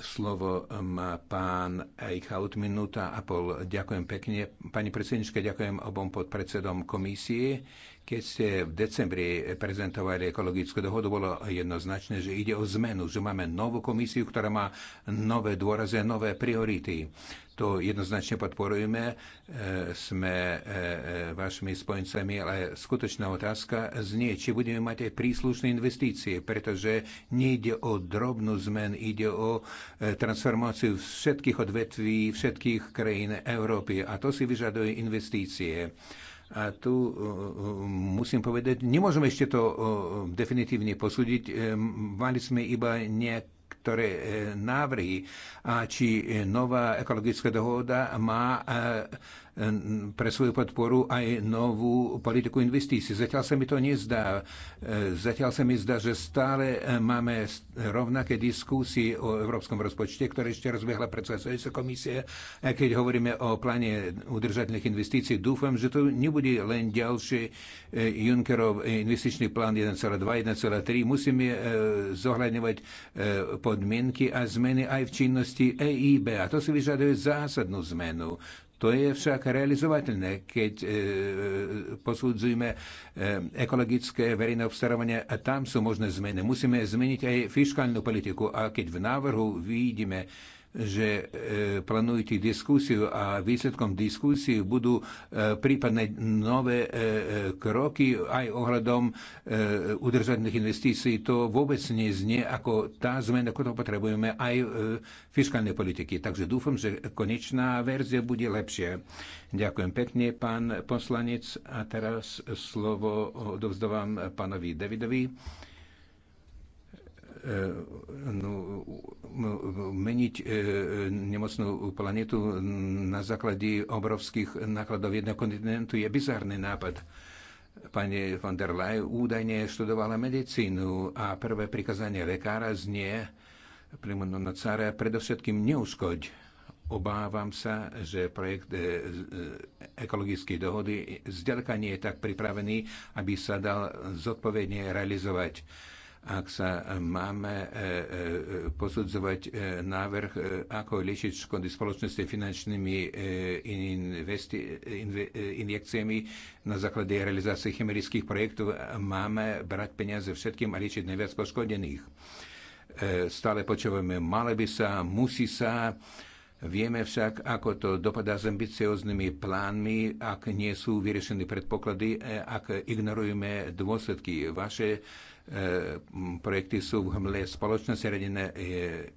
Slovo má pán Eichhout, minúta a pol. Ďakujem pekne. Pani predsednička, ďakujem obom podpredsedom komisie. Keď ste v decembri prezentovali ekologickú dohodu, bolo jednoznačné, že ide o zmenu, že máme novú komisiu, ktorá má nové dôraze, nové priority. To jednoznačne podporujeme, e, sme e, e, vašimi spojencami, ale skutočná otázka znie, či budeme mať aj príslušné investície, pretože nejde o drobnú zmen, ide o transformáciu všetkých odvetví, všetkých krajín Európy a to si vyžaduje investície. A tu uh, uh, musím povedať, nemôžeme ešte to uh, definitívne posúdiť. Mali sme iba nejak ktoré eh, návrhy a či nová ekologická dohoda má eh, pre svoju podporu aj novú politiku investícií. Zatiaľ sa mi to nezdá. E, zatiaľ sa mi zdá, že stále e, máme rovnaké diskusie o európskom rozpočte, ktoré ešte rozbehla predsedajúca komisie. A keď hovoríme o pláne udržateľných investícií, dúfam, že to nebude len ďalší e, Junckerov investičný plán 1,2, 1,3. Musíme zohľadňovať podmienky a zmeny aj v činnosti EIB. A to si vyžaduje zásadnú zmenu. To je však realizovateľné, keď e, posudzujeme e, ekologické verejné obstarávanie a tam sú možné zmeny. Musíme zmeniť aj fiskálnu politiku a keď v návrhu vidíme, že e, plánujete diskusiu a výsledkom diskusie budú e, prípadne nové e, e, kroky aj ohľadom e, udržateľných investícií. To vôbec neznie ako tá zmena, ktorú potrebujeme aj v e, fiskálnej politiky. Takže dúfam, že konečná verzia bude lepšia. Ďakujem pekne, pán poslanec. A teraz slovo odovzdávam pánovi Davidovi. E, e, e, no, meniť nemocnú planetu na základe obrovských nákladov jedného kontinentu je bizárny nápad. Pani von der Leyen údajne študovala medicínu a prvé prikazanie lekára znie Primon na cara predovšetkým neuškoď. Obávam sa, že projekt ekologickej dohody zďaleka nie je tak pripravený, aby sa dal zodpovedne realizovať ak sa máme e, e, e, posudzovať návrh, ako liečiť škody spoločnosti finančnými injekciami na základe realizácie chemerických projektov, máme brať peniaze všetkým a liečiť najviac poškodených. Stále počúvame, male by sa, musí sa. Vieme však, ako to dopadá s ambicioznými plánmi, ak nie sú vyriešené predpoklady, ak ignorujeme dôsledky. Vaše E, projekty sú v hmle spoločnosti radené e,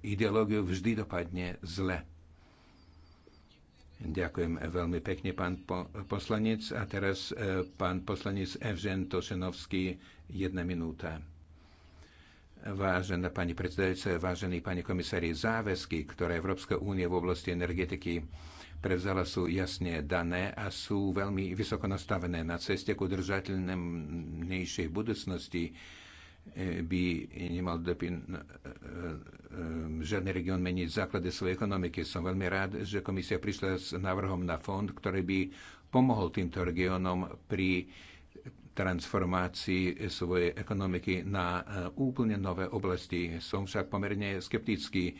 ideológiu, vždy dopadne zle. Ďakujem veľmi pekne, pán poslanec. A teraz e, pán poslanec Evžen Tošenovský, jedna minúta. Vážená pani predsedajúca, vážení pani komisári, záväzky, ktoré Európska únie v oblasti energetiky prevzala, sú jasne dané a sú veľmi vysoko nastavené na ceste k udržateľnejšej budúcnosti E, by nemal dopin, e, e, žiadny región meniť základy svojej ekonomiky. Som veľmi rád, že komisia prišla s návrhom na fond, ktorý by pomohol týmto regiónom pri transformácii svojej ekonomiky na úplne nové oblasti. Som však pomerne skeptický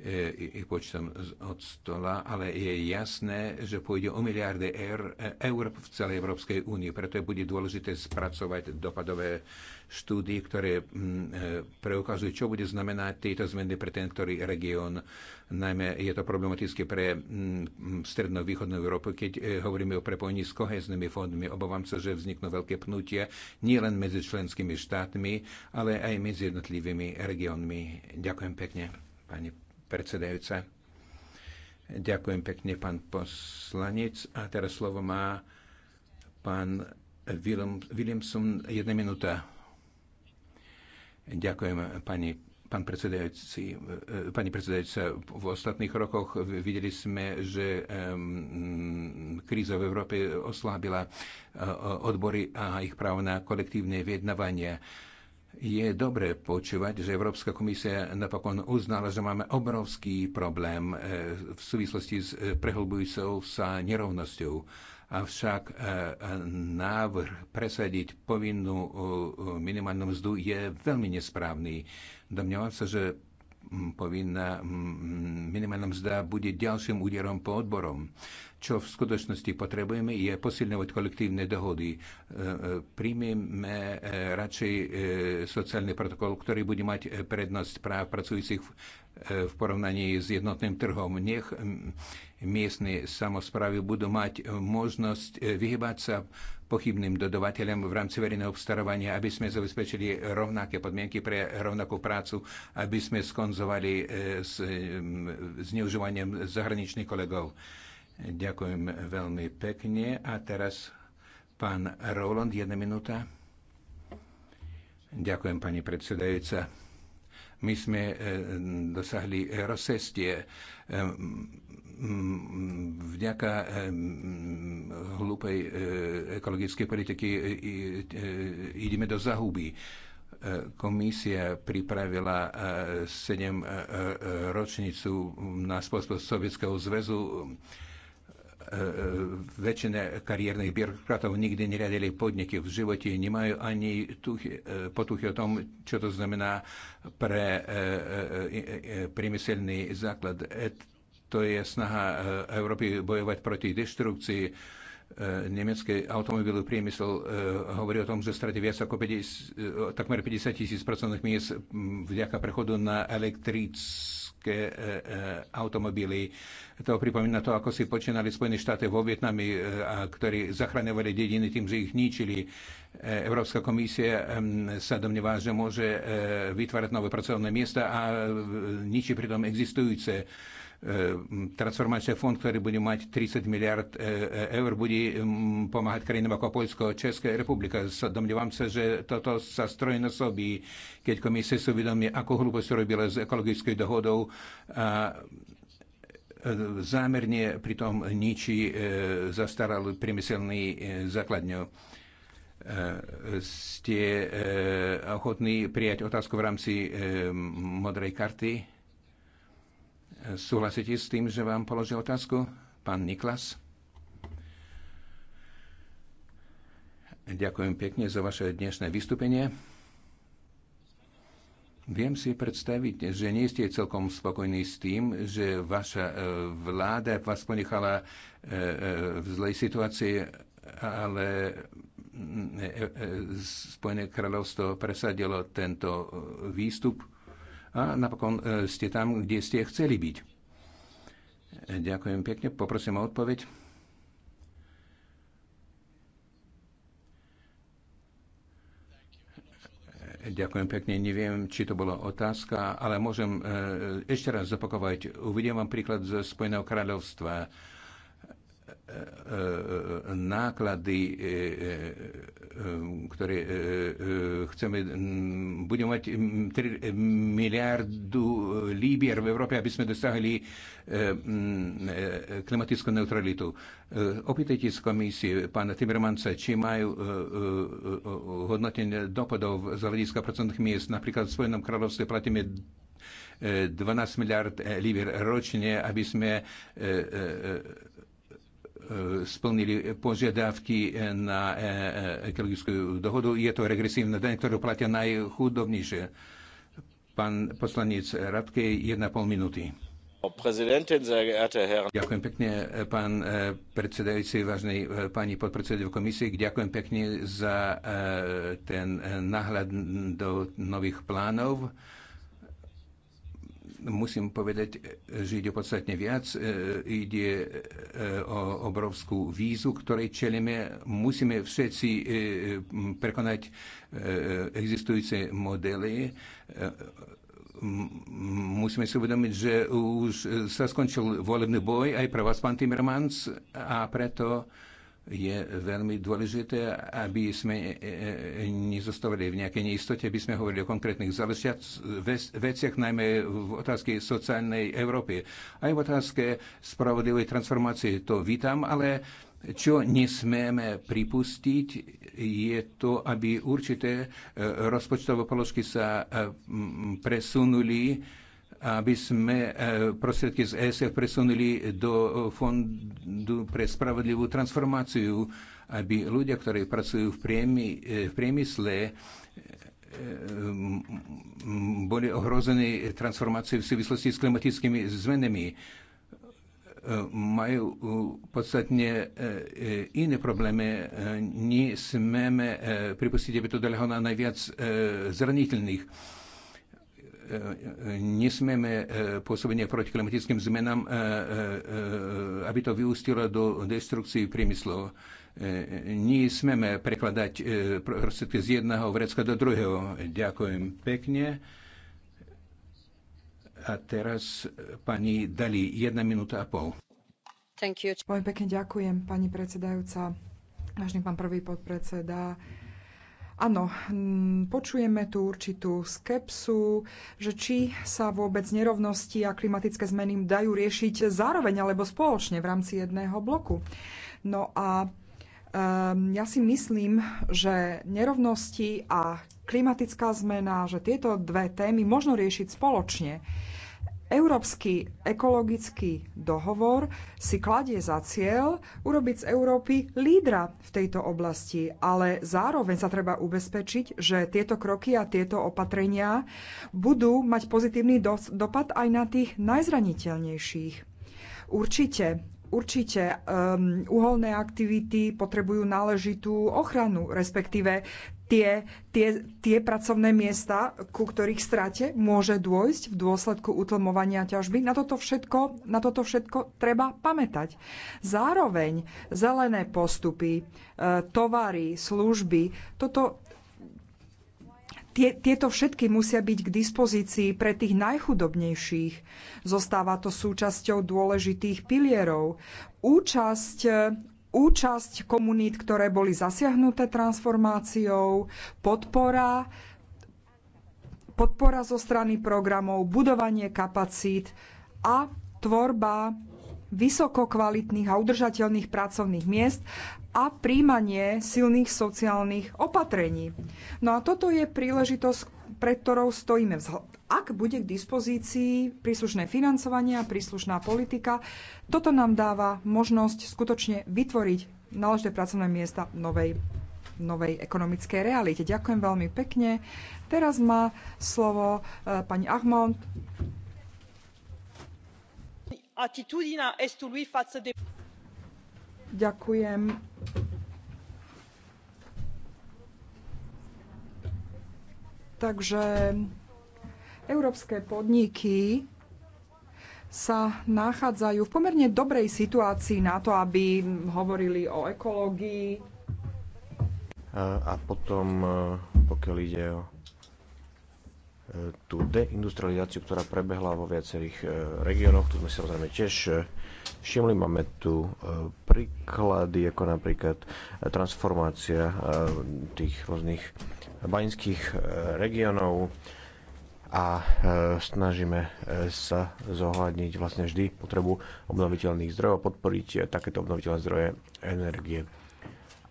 E, ich počtom od stola, ale je jasné, že pôjde o miliardy eur, e, eur v celej Európskej únii. Preto bude dôležité spracovať dopadové štúdie, ktoré mm, e, preukazujú, čo bude znamenať tieto zmeny pre ten, ktorý región. Najmä je to problematické pre mm, stredno Európu, keď hovoríme o prepojení s koheznými fondmi. Obávam sa, že vzniknú veľké pnutia nielen medzi členskými štátmi, ale aj medzi jednotlivými regiónmi. Ďakujem pekne, pani predsedajúca. Ďakujem pekne, pán poslanec. A teraz slovo má pán Williamson, jedna minúta. Ďakujem, pani Pán predsedajúci, eh, pani predsedajúca, v ostatných rokoch videli sme, že kríza v Európe oslábila eh, odbory a ich právo na kolektívne vyjednávanie. Je dobre počúvať, že Európska komisia napokon uznala, že máme obrovský problém e, v súvislosti s e, prehlbujúcou sa nerovnosťou. Avšak e, návrh presadiť povinnú minimálnu mzdu je veľmi nesprávny. Domnievam sa, že povinná minimálna mzda bude ďalším úderom po odborom. Čo v skutočnosti potrebujeme, je posilňovať kolektívne dohody. E, e, Príjmeme e, radšej sociálny protokol, ktorý bude mať prednosť práv pracujúcich v porovnaní s jednotným trhom. Nech miestne samozprávy budú mať možnosť vyhybať sa pochybným dodavateľom v rámci verejného obstarávania, aby sme zabezpečili rovnaké podmienky pre rovnakú prácu, aby sme skonzovali s zneužívaním zahraničných kolegov. Ďakujem veľmi pekne. A teraz pán Roland, jedna minúta. Ďakujem, pani predsedajúca. My sme e, dosahli rozcestie e, vďaka e, hlúpej ekologickej politiky ideme do zahuby komisia pripravila sedem ročnicu na spôsob Sovietského zväzu E, e, väčšina kariérnych byrokratov nikdy neriadili podniky v živote, nemajú ani tuchy, e, potuchy o tom, čo to znamená pre e, e, e, priemyselný základ. E, To je snaha e, Európy bojovať proti deštrukcii. E, Nemecký automobilový priemysel e, hovorí o tom, že stratí viac ako 50, e, takmer 50 tisíc pracovných miest vďaka prechodu na elektrickú E, e, automobily. To pripomína to, ako si počínali Spojené štáty vo Vietnami, e, ktorí zachraňovali dediny tým, že ich ničili. E, Európska komisia e, sa domnevá, že môže e, vytvárať nové pracovné miesta a e, ničí pritom existujúce E, E, transformačný fond, ktorý bude mať 30 miliard e, e, eur, bude pomáhať krajinám ako Polsko, Česká republika. Domnievam sa, že toto sa na sobí, keď Komisie sú uvedomí, ako hlúbo sa robila s ekologickou dohodou a zámerne pritom ničí zastaral priemyselný základňov ste ochotní prijať otázku v rámci modrej karty? Súhlasíte s tým, že vám položil otázku? Pán Niklas? Ďakujem pekne za vaše dnešné vystúpenie. Viem si predstaviť, že nie ste celkom spokojní s tým, že vaša e, vláda vás ponechala e, e, v zlej situácii, ale Spojené kráľovstvo presadilo tento výstup a napokon e, ste tam, kde ste chceli byť. E, ďakujem pekne, poprosím o odpoveď. E, ďakujem pekne. Neviem, či to bola otázka, ale môžem ešte raz zopakovať. Uvidím vám príklad zo Spojeného kráľovstva náklady, e, e, e, ktoré chceme, budeme mať 3 miliardu líbier v Európe, aby sme dosahli klimatickú neutralitu. Opýtajte z komisie pána Timmermansa, či majú hodnotenie dopadov z hľadiska pracovných miest. Napríklad v Spojenom kráľovstve platíme 12 miliard líbier ročne, aby sme splnili požiadavky na e, e, ekologickú dohodu. Je to regresívna daň, ktorú platia najchudobnejšie. Pán poslanec Radkej, jedna pol minúty. Ďakujem pekne, pán e, predsedajúci, vážnej pani podpredsedov komisie. Ďakujem pekne za ten náhľad do nových plánov musím povedať, že ide podstatne viac. E, ide e, o obrovskú vízu, ktorej čelíme. Musíme všetci e, prekonať existujúce modely musíme si uvedomiť, že už sa skončil volebný boj aj pre vás, pán Timmermans, a preto je veľmi dôležité, aby sme e, e, e, nezostávali v nejakej neistote, aby sme hovorili o konkrétnych veciach, najmä v otázke sociálnej Európy. Aj v otázke spravodlivej transformácie to vítam, ale čo nesmieme pripustiť, je to, aby určité rozpočtové položky sa presunuli aby sme e, prostriedky z ESF presunuli do Fondu pre spravodlivú transformáciu, aby ľudia, ktorí pracujú v, priemy, e, v priemysle, e, boli ohrození transformáciou v súvislosti s klimatickými zmenami majú podstatne iné problémy. Nie smeme pripustiť, aby to dalo na najviac zraniteľných nesmieme e, pôsobenie proti klimatickým zmenám, e, e, aby to vyústilo do destrukcií priemyslov. Nesmieme prekladať prostriedky z jedného vrecka do druhého. Ďakujem pekne. A teraz pani Dali, jedna minúta a pol. Thank you. pekne ďakujem, pani predsedajúca, vážny pán prvý podpredseda Áno, mm, počujeme tu určitú skepsu, že či sa vôbec nerovnosti a klimatické zmeny dajú riešiť zároveň alebo spoločne v rámci jedného bloku. No a um, ja si myslím, že nerovnosti a klimatická zmena, že tieto dve témy možno riešiť spoločne. Európsky ekologický dohovor si kladie za cieľ urobiť z Európy lídra v tejto oblasti, ale zároveň sa treba ubezpečiť, že tieto kroky a tieto opatrenia budú mať pozitívny dopad aj na tých najzraniteľnejších. Určite Určite um, uholné aktivity potrebujú náležitú ochranu, respektíve tie, tie, tie pracovné miesta, ku ktorých strate môže dôjsť v dôsledku utlmovania ťažby. Na toto všetko, na toto všetko treba pamätať. Zároveň zelené postupy, e, tovary, služby, toto tie, tieto všetky musia byť k dispozícii pre tých najchudobnejších. Zostáva to súčasťou dôležitých pilierov. Účasť, účasť komunít, ktoré boli zasiahnuté transformáciou, podpora, podpora zo strany programov, budovanie kapacít a tvorba vysokokvalitných a udržateľných pracovných miest a príjmanie silných sociálnych opatrení. No a toto je príležitosť, pred ktorou stojíme. Ak bude k dispozícii príslušné financovanie a príslušná politika, toto nám dáva možnosť skutočne vytvoriť náležité pracovné miesta v novej novej ekonomickej realite. Ďakujem veľmi pekne. Teraz má slovo e, pani Ahmond. Ďakujem. Takže európske podniky sa nachádzajú v pomerne dobrej situácii na to, aby hovorili o ekológii. A potom, e, pokiaľ ide o E, tú deindustrializáciu, ktorá prebehla vo viacerých e, regiónoch. Tu sme si samozrejme tiež e, všimli. Máme tu príklady, ako napríklad transformácia tých rôznych baňských regiónov a snažíme sa zohľadniť vlastne vždy potrebu obnoviteľných zdrojov, podporiť takéto obnoviteľné zdroje energie.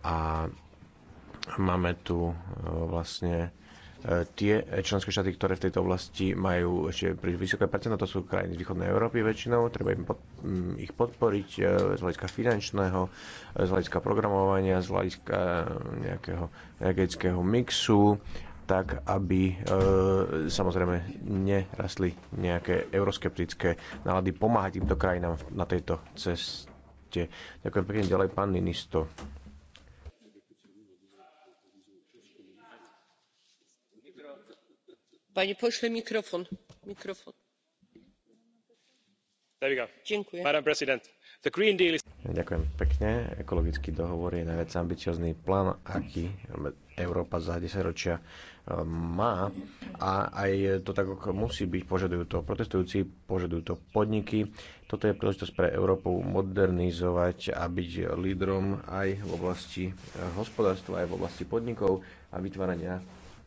A máme tu vlastne tie členské štáty, ktoré v tejto oblasti majú ešte príliš vysoké percento, to sú krajiny z východnej Európy väčšinou, treba im pod, ich podporiť e, z hľadiska finančného, e, z hľadiska programovania, z hľadiska e, nejakého energetického mixu, tak, aby e, samozrejme nerastli nejaké euroskeptické nálady pomáhať týmto krajinám na tejto ceste. Ďakujem pekne ďalej, pán Ninisto. Ďakujem pekne. Ekologický dohovor je najviac ambiciózny plán, aký Európa za desaťročia ročia e, má a aj to tak ako musí byť, požadujú to protestujúci, požadujú to podniky. Toto je príležitosť pre Európu modernizovať a byť lídrom aj v oblasti e, hospodárstva, aj v oblasti podnikov a vytvárania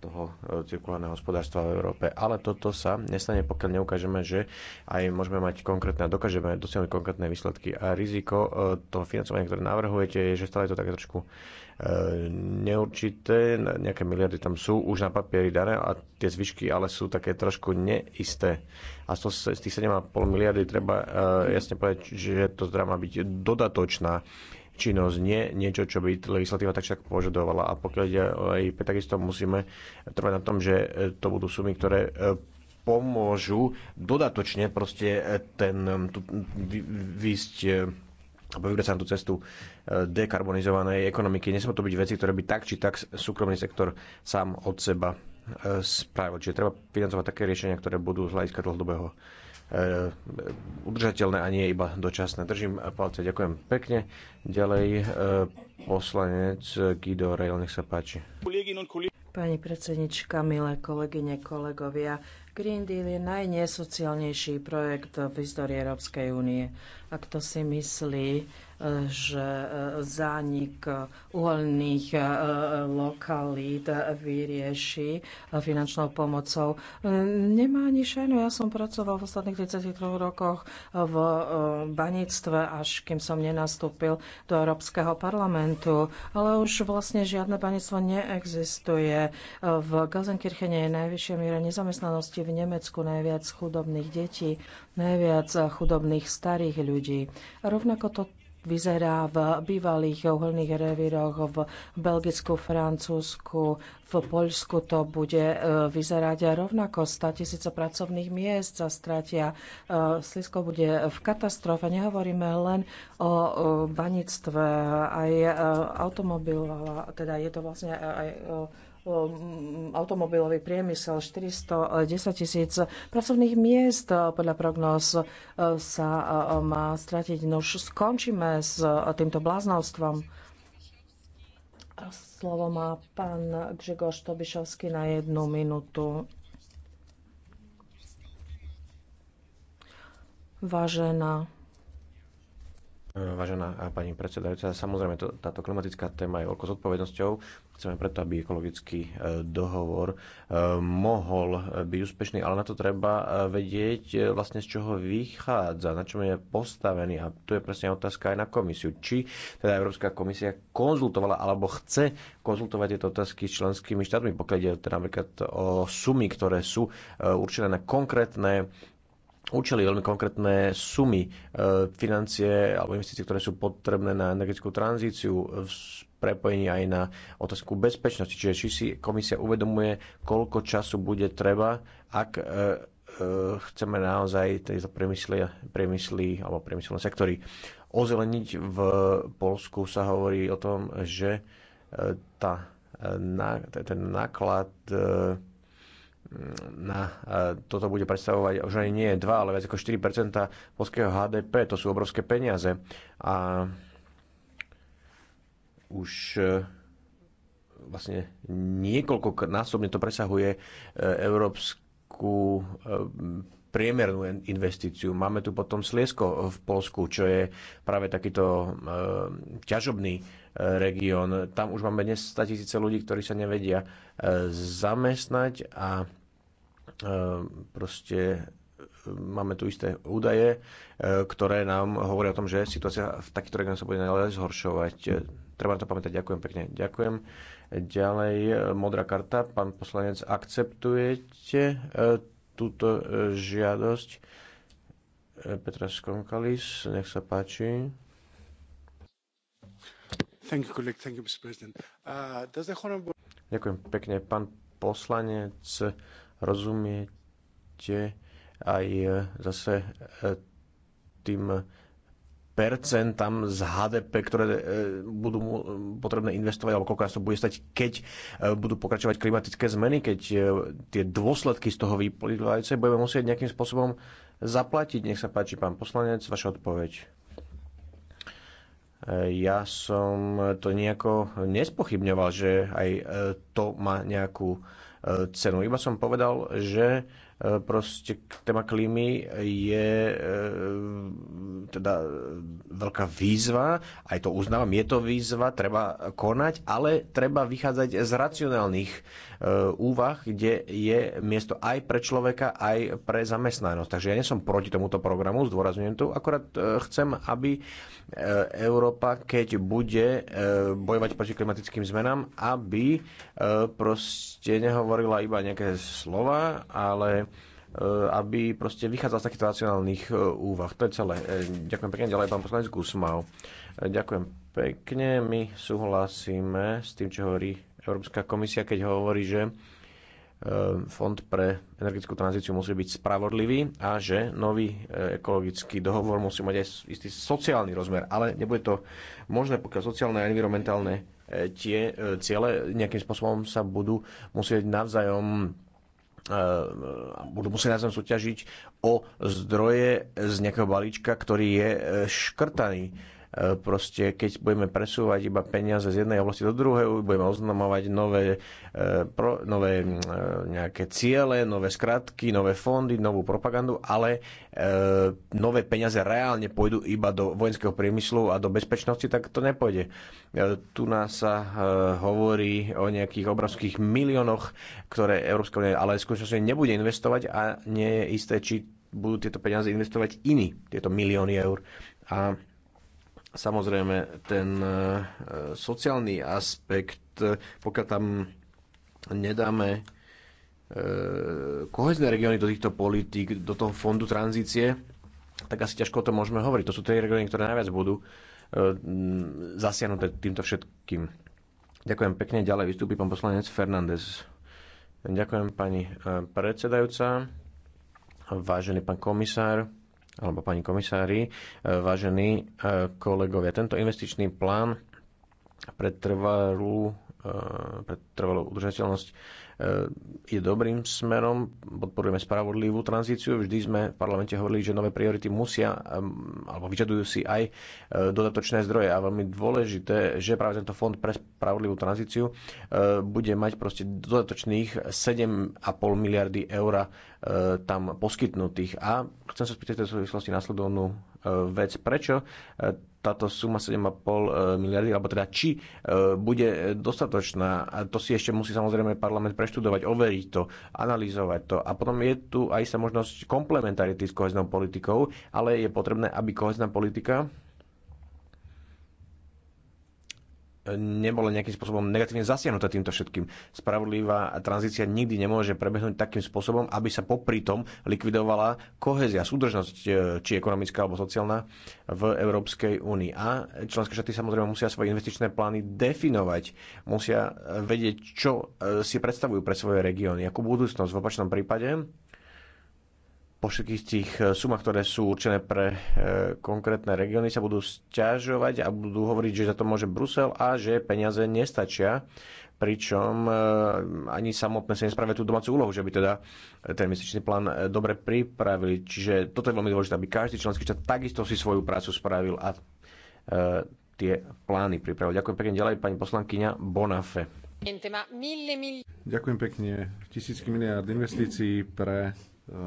toho eh, cirkulárneho hospodárstva v Európe. Ale toto sa nestane, pokiaľ neukážeme, že aj môžeme mať konkrétne a dokážeme dosiahnuť konkrétne výsledky. A riziko eh, toho financovania, ktoré navrhujete, je, že stále je to také trošku eh, neurčité, nejaké miliardy tam sú už na papieri dané a tie zvyšky ale sú také trošku neisté. A z tých 7,5 miliardy treba jasne povedať, že to teda má byť dodatočná činnosť, nie niečo, čo by legislatíva tak však požadovala. A pokiaľ ide o EIP, takisto musíme trvať na tom, že e, to budú sumy, ktoré e, pomôžu dodatočne proste e, ten, tu, výsť alebo sa na tú cestu dekarbonizovanej ekonomiky. Nesmú to byť veci, ktoré by tak či tak súkromný sektor sám od seba spravil. Čiže treba financovať také riešenia, ktoré budú z hľadiska dlhodobého E, udržateľné a nie iba dočasné. Držím palce, ďakujem pekne. Ďalej e, poslanec Guido Rejl, nech sa páči. Pani predsednička, milé kolegyne, kolegovia, Green Deal je najnesociálnejší projekt v histórii Európskej únie. A kto si myslí, e, že e, zánik e, uholných lokalít vyrieši finančnou pomocou, nemá ani šajnu. Ja som pracoval v ostatných 33 rokoch v baníctve, až kým som nenastúpil do Európskeho parlamentu. Ale už vlastne žiadne baníctvo neexistuje. V Gazenkirchene je najvyššia miera nezamestnanosti v Nemecku, najviac chudobných detí, najviac chudobných starých ľudí. A rovnako to vyzerá v bývalých uholných revíroch v Belgicku, Francúzsku, v Poľsku to bude e, vyzerať a rovnako. 100 tisíce pracovných miest sa stratia. E, Slisko bude v katastrofe. Nehovoríme len o banictve, aj e, automobilová, teda je to vlastne aj o Um, automobilový priemysel 410 tisíc pracovných miest uh, podľa prognóz uh, sa uh, má stratiť. No už skončíme s týmto bláznovstvom. Slovo má pán Grzegorz Tobišovský na jednu minútu. Vážená E, vážená pani predsedajúca, samozrejme to, táto klimatická téma je veľkou zodpovednosťou. Chceme preto, aby ekologický e, dohovor e, mohol byť úspešný, ale na to treba vedieť vlastne z čoho vychádza, na čom je postavený. A tu je presne otázka aj na komisiu. Či teda Európska komisia konzultovala alebo chce konzultovať tieto otázky s členskými štátmi, pokiaľ ide teda napríklad o sumy, ktoré sú určené na konkrétne účely, veľmi konkrétne sumy e, financie alebo investície, ktoré sú potrebné na energetickú tranzíciu v prepojení aj na otázku bezpečnosti. Čiže či si komisia uvedomuje, koľko času bude treba, ak e, e, chceme naozaj tejto priemysly, priemysly alebo priemyselné sektory ozeleniť. V Polsku sa hovorí o tom, že tá, ten náklad na, toto bude predstavovať už ani nie 2, ale viac ako 4 polského HDP. To sú obrovské peniaze. A už e, vlastne násobne to presahuje e, európsku e, priemernú investíciu. Máme tu potom Sliesko v Polsku, čo je práve takýto ťažobný región. Tam už máme dnes 100 tisíce ľudí, ktorí sa nevedia zamestnať a Ehm, proste ehm, máme tu isté údaje, ehm, ktoré nám hovoria o tom, že situácia v takýchto regiónoch sa bude naďalej zhoršovať. Treba to pamätať. Ďakujem pekne. Ďakujem. Ďalej, modrá karta. Pán poslanec, akceptujete túto žiadosť? Petra Skonkalis, nech sa páči. Thank you, colleague. Thank you, Mr. President. Uh, does the honorable... Ďakujem pekne. Pán poslanec, uh, rozumiete aj e, zase e, tým percentám z HDP, ktoré e, budú potrebné investovať, alebo koľko sa bude stať, keď budú pokračovať klimatické zmeny, keď tie dôsledky z toho vyplývajúce budeme musieť nejakým spôsobom zaplatiť. Nech sa páči, pán poslanec, vaša odpoveď. Ja som to nejako nespochybňoval, že aj to má nejakú cenu. Iba som povedal, že E, proste téma klímy je e, teda veľká výzva, aj to uznávam, je to výzva, treba konať, ale treba vychádzať z racionálnych e, úvah, kde je miesto aj pre človeka, aj pre zamestnanosť. Takže ja nie som proti tomuto programu, zdôrazňujem to, akorát chcem, aby Európa, keď bude bojovať proti klimatickým zmenám, aby proste nehovorila iba nejaké slova, ale Eh, aby proste vychádzal z takýchto racionálnych eh, úvah. To je celé. Eh, ďakujem pekne, ďalej pán poslanec Gusmau. Ďakujem pekne, my súhlasíme s tým, čo hovorí Európska komisia, keď hovorí, že fond pre energetickú tranzíciu musí byť spravodlivý a že nový ekologický dohovor musí mať aj istý sociálny rozmer. Ale nebude to možné, pokiaľ sociálne a environmentálne tie ciele nejakým spôsobom sa budú musieť navzájom Ehm, budú musieť navzájom súťažiť o zdroje z nejakého balíčka, ktorý je e, škrtaný E, proste, keď budeme presúvať iba peniaze z jednej oblasti do druhej, budeme oznamovať nové, e, pro, nové e, nejaké ciele, nové skratky, nové fondy, novú propagandu, ale nové peniaze reálne pôjdu iba do vojenského priemyslu a do bezpečnosti, tak to nepôjde. Tu nás sa hovorí o nejakých obrovských miliónoch, ktoré Európska únia ale skutočne nebude investovať a nie je isté, či budú tieto peniaze investovať iní, tieto milióny eur. A Samozrejme, ten eh, sociálny aspekt, pokiaľ tam nedáme eh, kohezné regióny do týchto politík, do toho fondu tranzície, tak asi ťažko o tom môžeme hovoriť. To sú tie regióny, ktoré najviac budú eh, zasiahnuté týmto všetkým. Ďakujem pekne. Ďalej vystúpi pán poslanec Fernández. Ďakujem pani predsedajúca, vážený pán komisár alebo pani komisári, e, vážení e, kolegovia. Tento investičný plán pre trvalú, e, pre trvalú udržateľnosť E, je dobrým smerom, podporujeme spravodlivú tranzíciu. Vždy sme v parlamente hovorili, že nové priority musia e, alebo vyžadujú si aj e, dodatočné zdroje. A veľmi dôležité, že práve tento fond pre spravodlivú tranzíciu bude mať proste dodatočných 7,5 miliardy eur tam poskytnutých. A chcem sa spýtať v súvislosti nasledovnú E, vec. Prečo e, táto suma 7,5 e, miliardy, alebo teda či bude dostatočná. A to si ešte musí samozrejme parlament preštudovať, overiť to, analyzovať to. A potom je tu aj sa možnosť komplementarity s koheznou politikou, ale je potrebné, aby kohezná politika nebolo nejakým spôsobom negatívne zasiahnuté týmto všetkým. Spravodlivá tranzícia nikdy nemôže prebehnúť takým spôsobom, aby sa popri tom likvidovala kohezia, súdržnosť, e, či ekonomická alebo sociálna, v Európskej únii. A členské štáty samozrejme musia svoje investičné plány definovať, musia vedieť, čo e, si predstavujú pre svoje regióny, akú budúcnosť. V opačnom prípade po všetkých tých eh, sumách, ktoré sú určené pre eh, konkrétne regióny, sa budú sťažovať a budú hovoriť, že za to môže Brusel a že peniaze nestačia pričom eh, ani samotné sa nespravia tú domácu úlohu, že by teda ten mesičný plán dobre pripravili. Čiže toto je veľmi dôležité, aby každý členský štát takisto si svoju prácu spravil a tie plány pripravil. Ďakujem pekne ďalej, pani poslankyňa Bonafe. Ďakujem pekne. Tisícky miliard investícií pre E,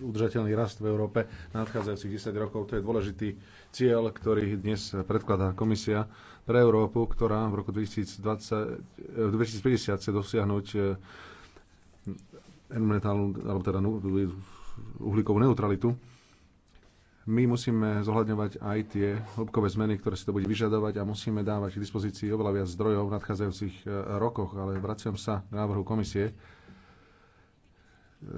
udržateľný rast v Európe nadchádzajúcich 10 rokov. To je dôležitý cieľ, ktorý dnes predkladá komisia pre Európu, ktorá v roku 2020, 2050 e, chce dosiahnuť e, environmentálnu, alebo teda uhlíkovú neutralitu. My musíme zohľadňovať aj tie hĺbkové zmeny, ktoré si to bude vyžadovať a musíme dávať k dispozícii oveľa viac zdrojov v nadchádzajúcich rokoch, ale vraciam sa k návrhu komisie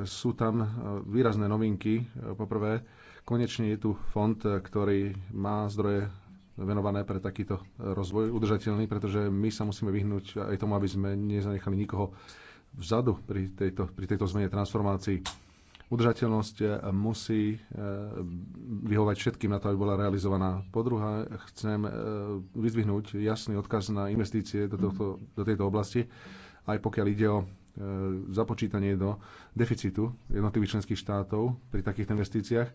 sú tam e, výrazné novinky. E, poprvé, konečne je tu fond, e, ktorý má zdroje venované pre takýto rozvoj udržateľný, pretože my sa musíme vyhnúť aj tomu, aby sme nezanechali nikoho vzadu pri tejto, pri tejto zmene transformácii. Udržateľnosť musí vyhovať všetkým na to, aby bola realizovaná. Po druhé, chcem vyzvihnúť jasný odkaz na investície do, tohto, do tejto oblasti, aj pokiaľ ide o E, započítanie do deficitu jednotlivých členských štátov pri takýchto investíciách